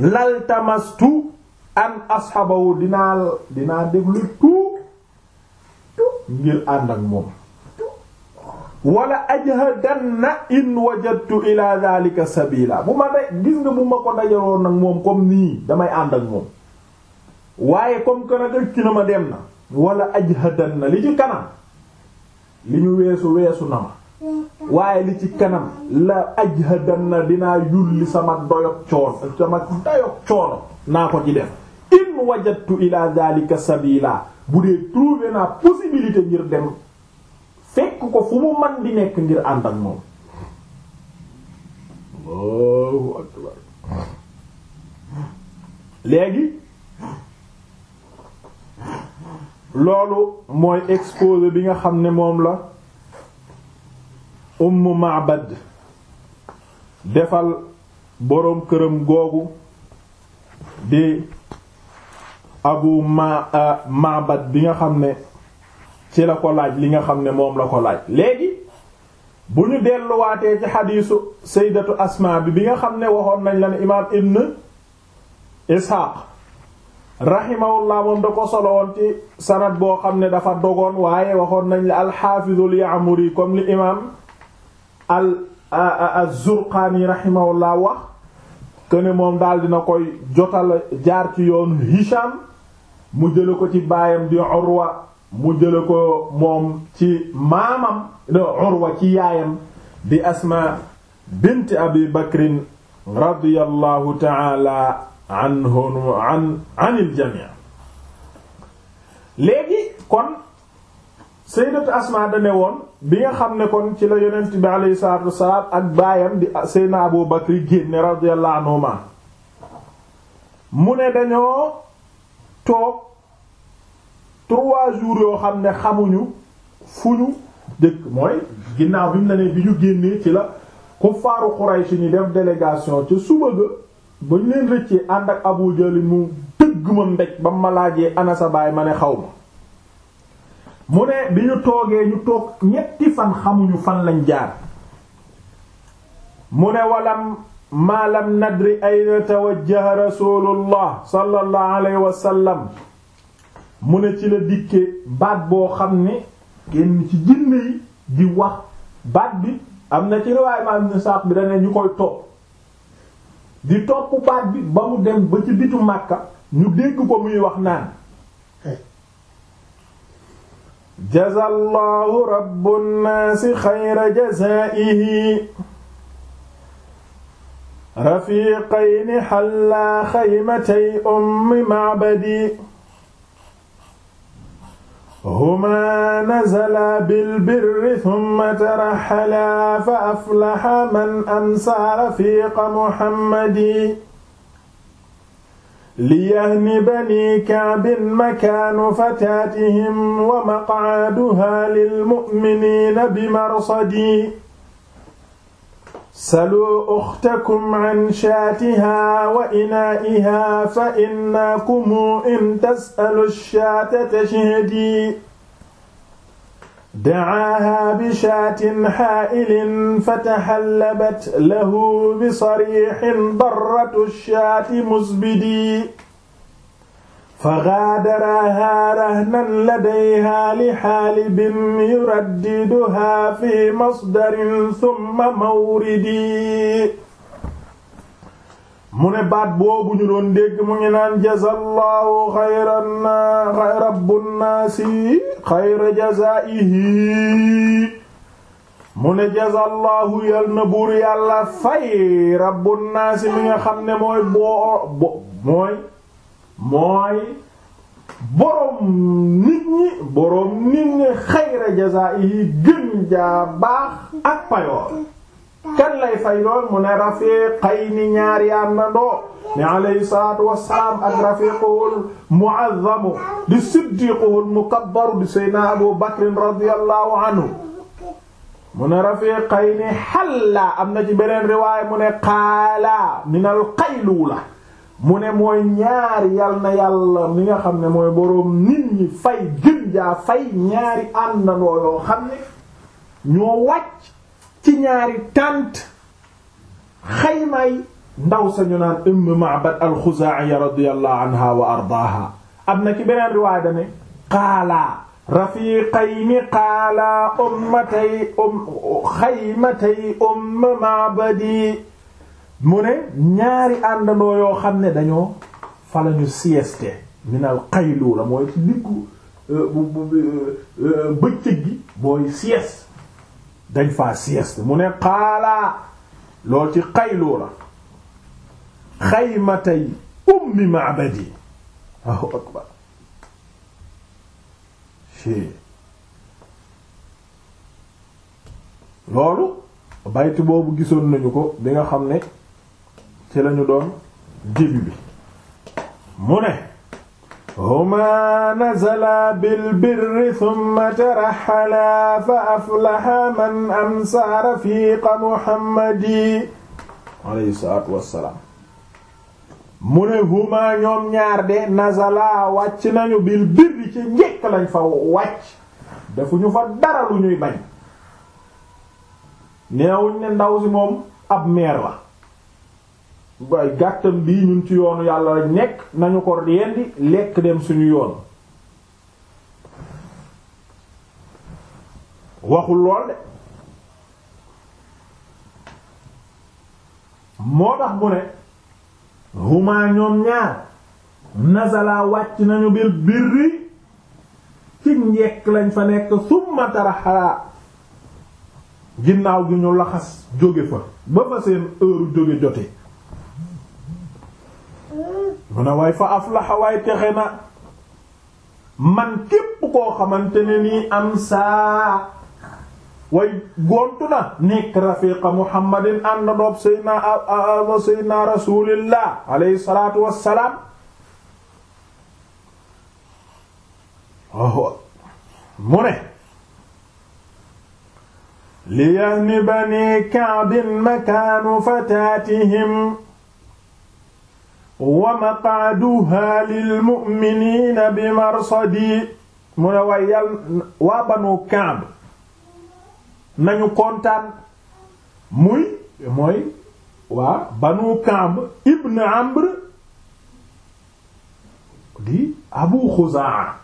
laltamastu an asxabawu dinaa dinaa déglu tout ngir ànd ak moom wala ajhadanna in wajadtu ila zalika sabila bu ma daj gis nga ma ko dajaloon nag moom comme nii damay ànd ak moom waaye comme que nag ëcc na ma dem na wala ajhadanna li ci kanam li ñu weesu weesu na ma waaye li ci kanam la ajhadanna dinaa yulli sama doyog coono sama doyog coono naa ko ci def in wajadtu ila zalika sabila bu dee trouver naa possibilité ngir dem fekk ko fu mu man di nekk ngir ànd moom léegi loolu mooy exposé bi nga xam ne moom la ummu maabad defal boroom këram googu di abu maabad euh, bi nga xam ne ci la ko laaj li nga xam ne moom la ko laaj léegi bu ñu delluwaatee ci xadiisu saydatu asma bi bi nga xam ne waxoon nañ la ne imaam ibn isxaaq rahimahullah moom da ko solowoon ci sanad boo xam ne dafa dogoon waaye waxoon nañ la alxaafizul yaamuri comme li imaam al az-Zurqaani rahimahullah wax këne moom daal dina koy jotal jaar ci yoon Hisham mu jële ko ci baayam di Urwa mu jële ko moom ci maamam Urwa ci yaayam di Asma bint Abi Bakrin radiyallahu ta'ala anhu an anil jami' léegi kon sayyidatu asma dane woon bi nga xam ne kon ci la yonent bi alayhi salaatu wasalaam ak baayam di seydna abu bakri génne radiyallahu anhuma mu ne dañoo toog trois jours yoo xam ne xamuñu fu ñu dëkk mooy ginnaaw bi mu ne bi ñu génnee ci la kuffaaru Quraysh ni def délégation ca suba ga ba ñu leen rëccee ànd ak abu jali mu dëgg ma mbéj ba ma laajee sa baay ma ne xaw ma mu ne bi ñu toogee ñu toog ñetti fan xamuñu fan lañ jaar mu ne walam maalam ay ayna tawajjaha rasulullah sallallahu alayhi wa sallam mu ne ci la dikke baat boo xam ne kenn ci jinne yi di wax baat bi am na ci riwaay ma am na bi dane ñu koy topp di topp baat bi ba mu dem ba ci bitu Makka ñu dégg ko muy wax naan jazallahu rabbu nnaasi xayra jazaa'ihi rafiqayni xallaa xaymatay ummi macbadi humaa nazalaa bilbirri summa taraxalaa fa aflaxa man amsaa rafiqa muhammadi liyahni bani kaabin makaanu fataatihim wa maqaaduha lilmu'miniina bimarsadi saluu uxtakum an shaatiha wa inaa'iha fa innaakum in tas'alu shaata tashhadi da'aahaa bishaatin haa'ilin fatahallabat lahu bisariihin darratu shaati musbidi fagaadaraahaa rahnan ladayhaa lihaalibin yuraddiduhaa fi masdarin thumma mawridi mu ne baat boobu ñu doon dégg mu ngi naan jazallahu xayran na rabbun naasi xayra jazaihi mu ne jazallahu yal na buur yàlla fay rabbun naasi mi nga xam ne mooy boo bo mooy mooy boroom nit ñi boroom nit ñi xayra jazaihi gën jaa baax ak payoor kan lay fay lool mu ne rafiqayni ñaari àndandoo ni alayhi salaatu wassalaam ak rafiquhul mu'azzamu di siddiquhul mukabbaru di sayyidina Abu Bakr radiyallahu anhu mu ne rafiqayni xalla am na ci beneen riwaaya mu ne xaala minal xayluula mu ne mooy ñaari yal na yàlla mi nga xam ne mooy boroom nit ñi fay gën jaa fay ñaari àndandoo yoo xam ne ñoo wàcc ci ñaari tànt xaymaay ndaw sa ñu naan Umm Ma'bad al-Khuzaa'iya radiyallahu anha wa ardaaha am na ci beneen riwaaya dane qaalaa rafiqayni qaalaa ummatay um Umm Ma'badi mu ne ñaari àndandoo yoo xam ne dañoo fa lañu sieste min al qayluula mooy ci diggu euh, bu bu euh, euh, bëccëg gi dañ faa sieste mu ne xaalaa lool ci xayloo la xaymatay ummi ma'badi Allahu loolu baytu boobu gisoon nañu ko bi nga xam ne ci lañu doon début bi mu ne huma nazala bil birri thumma mu ne huma ñoom ñaar de nazala wàcc nañu lañ fa wàcc dafu ñu fa dara lu ñuy bañ neewuñ ne ndaw si moom ab meer bay gàttam bii ñun ci yoonu yàlla lañ nekk nañu ko rendi lekk dem suñu yoon waxul lool de moo tax mu ne huma ñoom ñaar nazala wàcc nañu bir birri ci njekk lañ fa nekk summa taraxalaa ginnaaw gi ñu laxas jóge fa ba fa seen heure jóge jote mu ne way fa aflaxa waay texe na man képp koo xamante ne nii am saa way gontu na nekk rafiqa muhammadin ànda doob saydna saydna rasulillah alayhi salatu wassalaam waw mu ne li yahni bani ka'bin makaanu fataatihim wa maqaaduha lil mu'miniina bi marsadi mu ne waa yal waa banu Kaab nañu kontaan muy mooy waa banu Kaab ibn Amr di Abu Xuzaa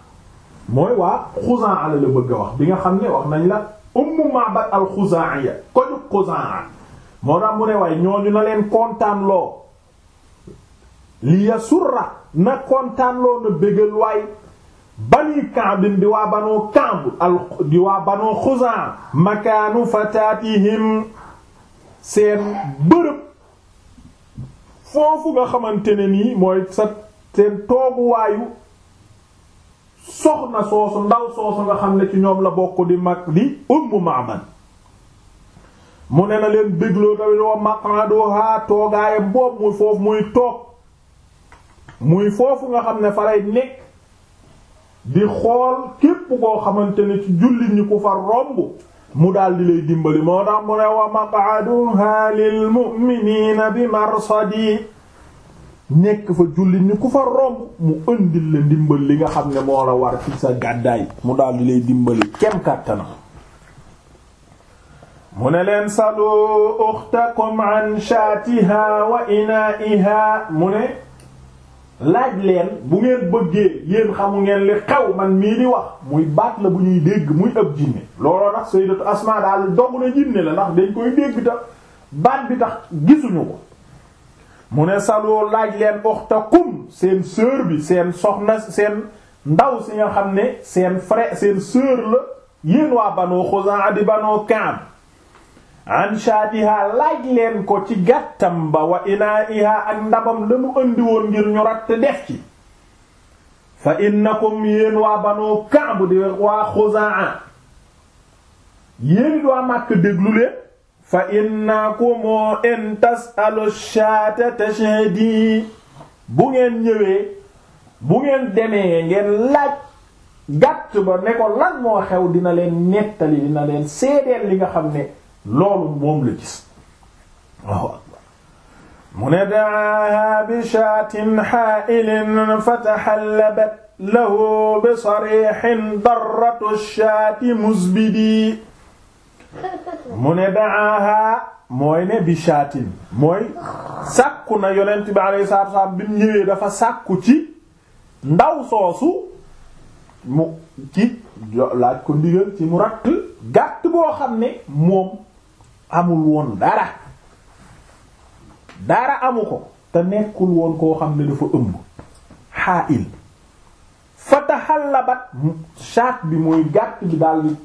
mooy waa Xuzaa la la bëgg a wax bi nga xam ne wax nañ la Ummu Ma'bad al-Xuzaa'iyya koju Xuzaa moo tax mu ne waaye ñooñu na leen kontaan loo li yasurra na kontaan loo na bégal waay bani kaabin di waa banoo kaab al di waa banoo xuzaan makaanu fataatihim seen bërëb foofu nga xamante ne nii mooy sa seen tooguwaayu soxna soosu ndaw soosu nga xam ne ci ñoom la bokk di mag di ummu ma'ban mu ne na leen bégloo tamit wa maqaduha toogaayam boobu foofu muy toog muy foofu nga xam ne fa lay nekk di xool képp koo xamante ne ci jullit ñi ku fa romb mu daal di lay dimbali moo tax mu ne wa maq'aduha lil mu'minina bi marsadi nekk fa jullit ñi ku fa romb mu ëndil la dimbal li nga xam ne moo la war ci sa gàddaay mu daal di lay dimbali kem kàttanam mu ne leen salu uxtakum an shaatiha wa inaiha mu ne laaj leen bu ngeen bëggee yéen xamu ngeen li xew man mii di wax muy baat la bu ñuy dégg muy ëpp jinne looloo tax sayyidatu Asma daal dong na jinne la ndax dañ koy dégg tax baat bi tax gisuñu ko mu ne saloo laaj leen uxtakum seen sœur bi seen soxna seen ndaw si nga xam ne seen frère seen sœur la yéen waa Banu Xuzaa di Banu Kaab an shaatiha laaj leen ko ci gàttam ba wa inaa'iha ak ndabam la mu andi woon ngir ñu ratt def ci fa innakum yéen waa banoo Ka'b di waa Xuzaa yéen waa Màkk déglu leen fa innakum in tas'alu shaata tashhadi bu ngeen ñëwee bu ngeen demee ngeen laaj gàtt ba ne ko lan moo xew dina leen nettali dina leen seedeel li nga xam ne loolu moom la gis waaw akbar mu ne daaha bi shaatin haa'ilin fatahallabat lahu bi sarihin darratu shaati musbidi mu ne daaha mooy ne bi shaatin mooy sàkku na yonent bi alayhi bi mu ñëwee dafa sàkku ci ndaw soosu mu ci laaj ko ndigal ci mu ratt gàtt boo xam ne moom amul woon dara dara amu ko te nekkul woon koo xam ne dafa ëmb xaa il fatahallabat saat bi mooy gàtt bi daal di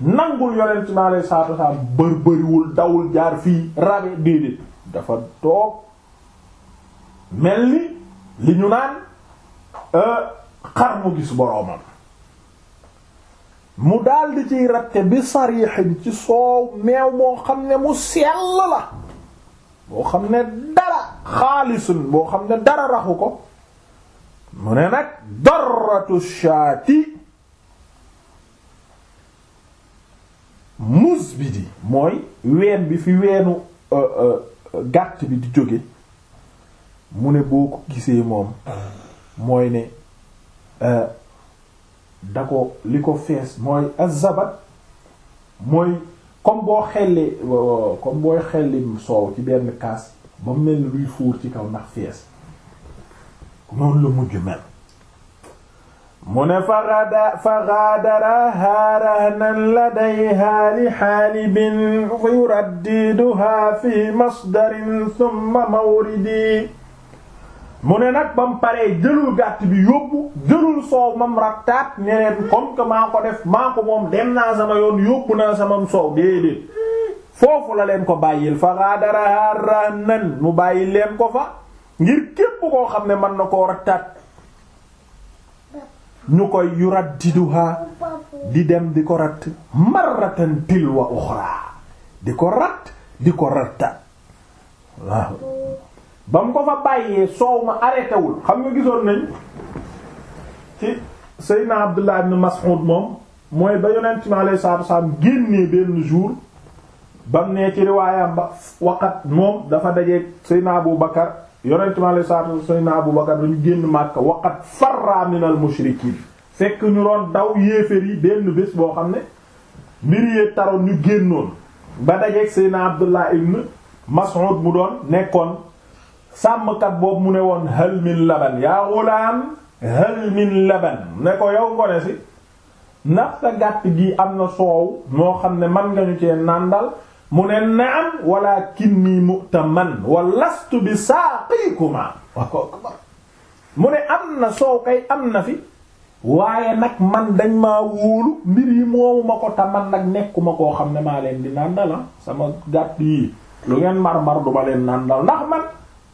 nangul yonent bi alayhi salaatu wasalaam bërbëriwul dawul jaar fii rabe déedéet dafa toog mel ni li ñu naan euh, xar mu gis boroomam mu daldi di ciy ratte bi sarixin ci soow meew moo xam ne mu sell la boo xam ne dara xaalisun boo xam ne dara raxu ko mu ne nag daratu shaati mus bi di mooy ween bi fi weenu euh, euh, gàtt bi di jóge mu ne boo ko gisee moom mooy ne euh, da ko li ko fees mooy azabat mooy comme boo xelli euh, comme booy xelli soow ci benn kaas ba mel luy fuur ci kaw ndax fees noonu la mujj mel mu ne faada faxaadaraha rahnan ladayha li xaalibin yuraddiduha fi masdarin thumma mawridi mu ne nag ba mu paree jëlul gàtt bi yóbbu jëlul soow mam rattaat ñeneen comme que maa ko def maa ko moom dem naa sama yoon yóbbu naa samam soow déedéet foofu la leen ko bàyyil fa raadara ranan mu bàyyi leen ko fa ngir képp koo xam ne mën na koo rattaat ñu koy yuraddiduha di dem di ko ratt marratan tilwa uxra di ko ratt di ko rattaat waaw ba mu ko fa bàyyee soow ma arrêté xam nga gisoon nañ ci Seydina Abdullah ibn Mas'ud moom mooy ba yonent mi alayhi salaatu génnee benn jour ba mu nee ci riwaayam ba waqat moom dafa dajeeg Seydina Abu Bakar yonent mi alayhi salaatu wasalaam Seydina Abu Bakar dañu génn Makka waqat farra mushrikiin fekk ñu doon daw yéeféer yi benn bés boo xam ne mbir yee taroon ñu génnoon ba dajeeg Seydina Abdullah ibn Mas'ud mu doon nekkoon sàmmkat boobu mu ne woon hal min laban yaa gulaam hal min laban ne ko yow ngone si ndax sa gàtt gi am na soow moo xam ne man nga ñu cee nàndal mu ne naam walaakinni mu'taman wa lastu bi saaqikuma mu ne am na soow kay am na fi waaye nag man dañ maa wóolu mbir yi moomu ma ko taman man nag nekkuma koo xam ne maa leen di nàndal ah. sama gàtt yi lu ngeen mar mar du ma leen nàndal ndax man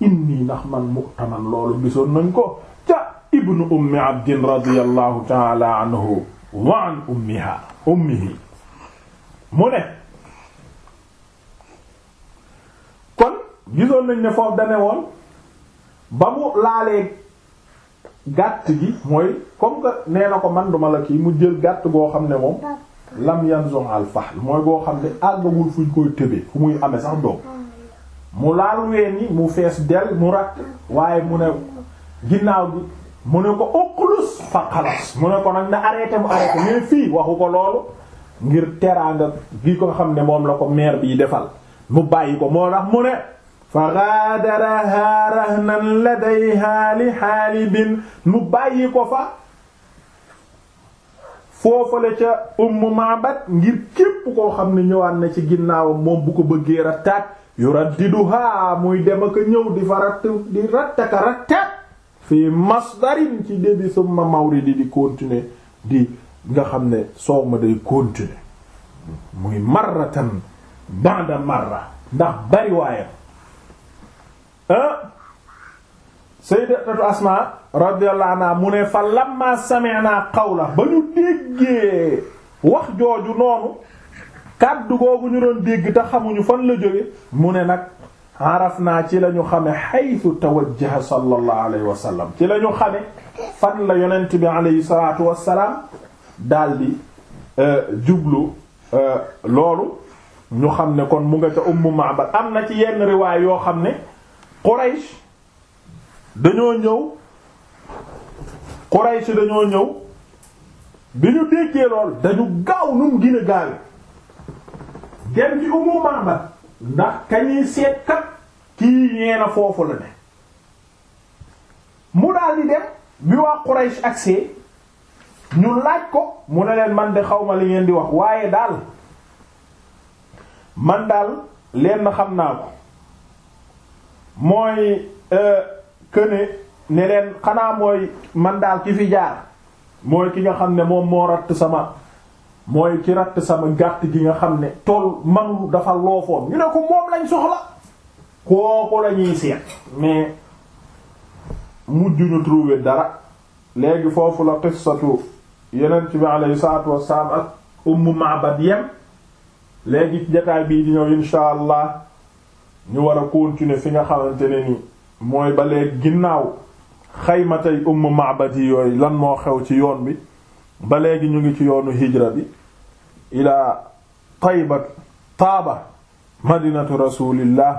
inni ndax man mu'taman loolu gisoon nañ ko ca ibnu ummi abdin radiyallahu taala anhu wa an ummiha ummihi mu ne kon gisoon nañ ne foofu dane woon ba mu laalee gàtt gi mooy comme que nee na ko man duma la kii mu jël gàtt goo xam ne moom lam yanzon al mooy goo xam ne àggagul fuñ koy tëbee fu muy amee sax doom mu laal ween yi mu fees del mu rakk waaye mu ne ginnaaw bi mu ne ko uqlus fa xalas mu ne ko nag na arrêté mu arrêté mais fii waxu ko loolu ngir teraanga gi ko xam ne moom la ko maire bi defal mu bàyyi ko moo tax mu ne fa gaadaraha rahnan ladayha li xaalibin mu bàyyi ko fa foofu foofale ca umm maabat ngir képp koo xam ne ñëwaat na ci ginnaawam moom bu ko bëggee rataat yu raddiduhaa muy dem ak ñëw di fa ratt di rattaka rattat fii masdarin ci débi summa mawridi di continuer di nga xam ne soow ma day continuer muy marratan ba'da marra ndax bari waayam ah, sayyidatu asma radiyallahu anha mu ne fa lamma sami'na qawla ba ñu déggee wax jooju noonu kàddu googu ñu doon dégg te xamuñu fan la jóge mu ne nag araf naa ci la ñu xame xaytu tawajjaha sallallahu alayhi wa sallam ci la ñu xame fan la yonent bi alayhi salaatu wassalaam daldi euh, jublu euh, loolu ñu xam ne kon mu nga ca ummu ma'bad am na ci yenn riwaay yoo xam ne Quraysh dañoo ñëw Quraysh dañoo ñëw bi ñu déggee lool dañu gaaw nu mu gën gaawe dem ci umu Ma'bad ndax kañuy seet kat kii nee na foofu la ne mu daal di dem bi waa Quraysh agsee ñu laaj ko mu ne leen man de ma li ngeen di wax waaye daal man daal leen na xam naa ko mooy këne euh, ne leen xanaa mooy man daal ki fi jaar mooy ki nga xam ne moom moo ratt sama mooy ci ratt sama gàtt gi nga xam ne tool manu dafa loofoon ñu ne ko moom lañ soxla kooku la ñuy mais mujj ñu dara léegi foofu la qissatu yeneen bi alayhi salaatu wassalaam ak ummu Ma'bad yem léegi jataay bii di ñëw insha allah ñu war a continuer fi nga xamante ne ni mooy ba ginnaaw xaymatay ummu Ma'bad yi yooyu lan moo xew ci yoon bi ba léegi ñu ngi ci yoonu hijra bi ilaa tayba taaba madinatu rasulillah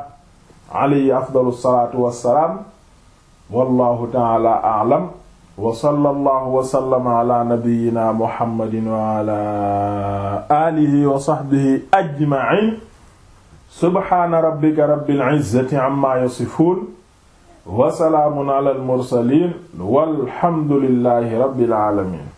alayhi afdalu salaatu wassalaam wallahu taala a'lam wa sallallahu wa sallama ala nabiyyina muhammadin wa ala alihi wa sahbihi ajma'in subhana rabbika rabbil izzati amma yasifun wa salaamun ala al mursalin walhamdulillahi rabbil alamin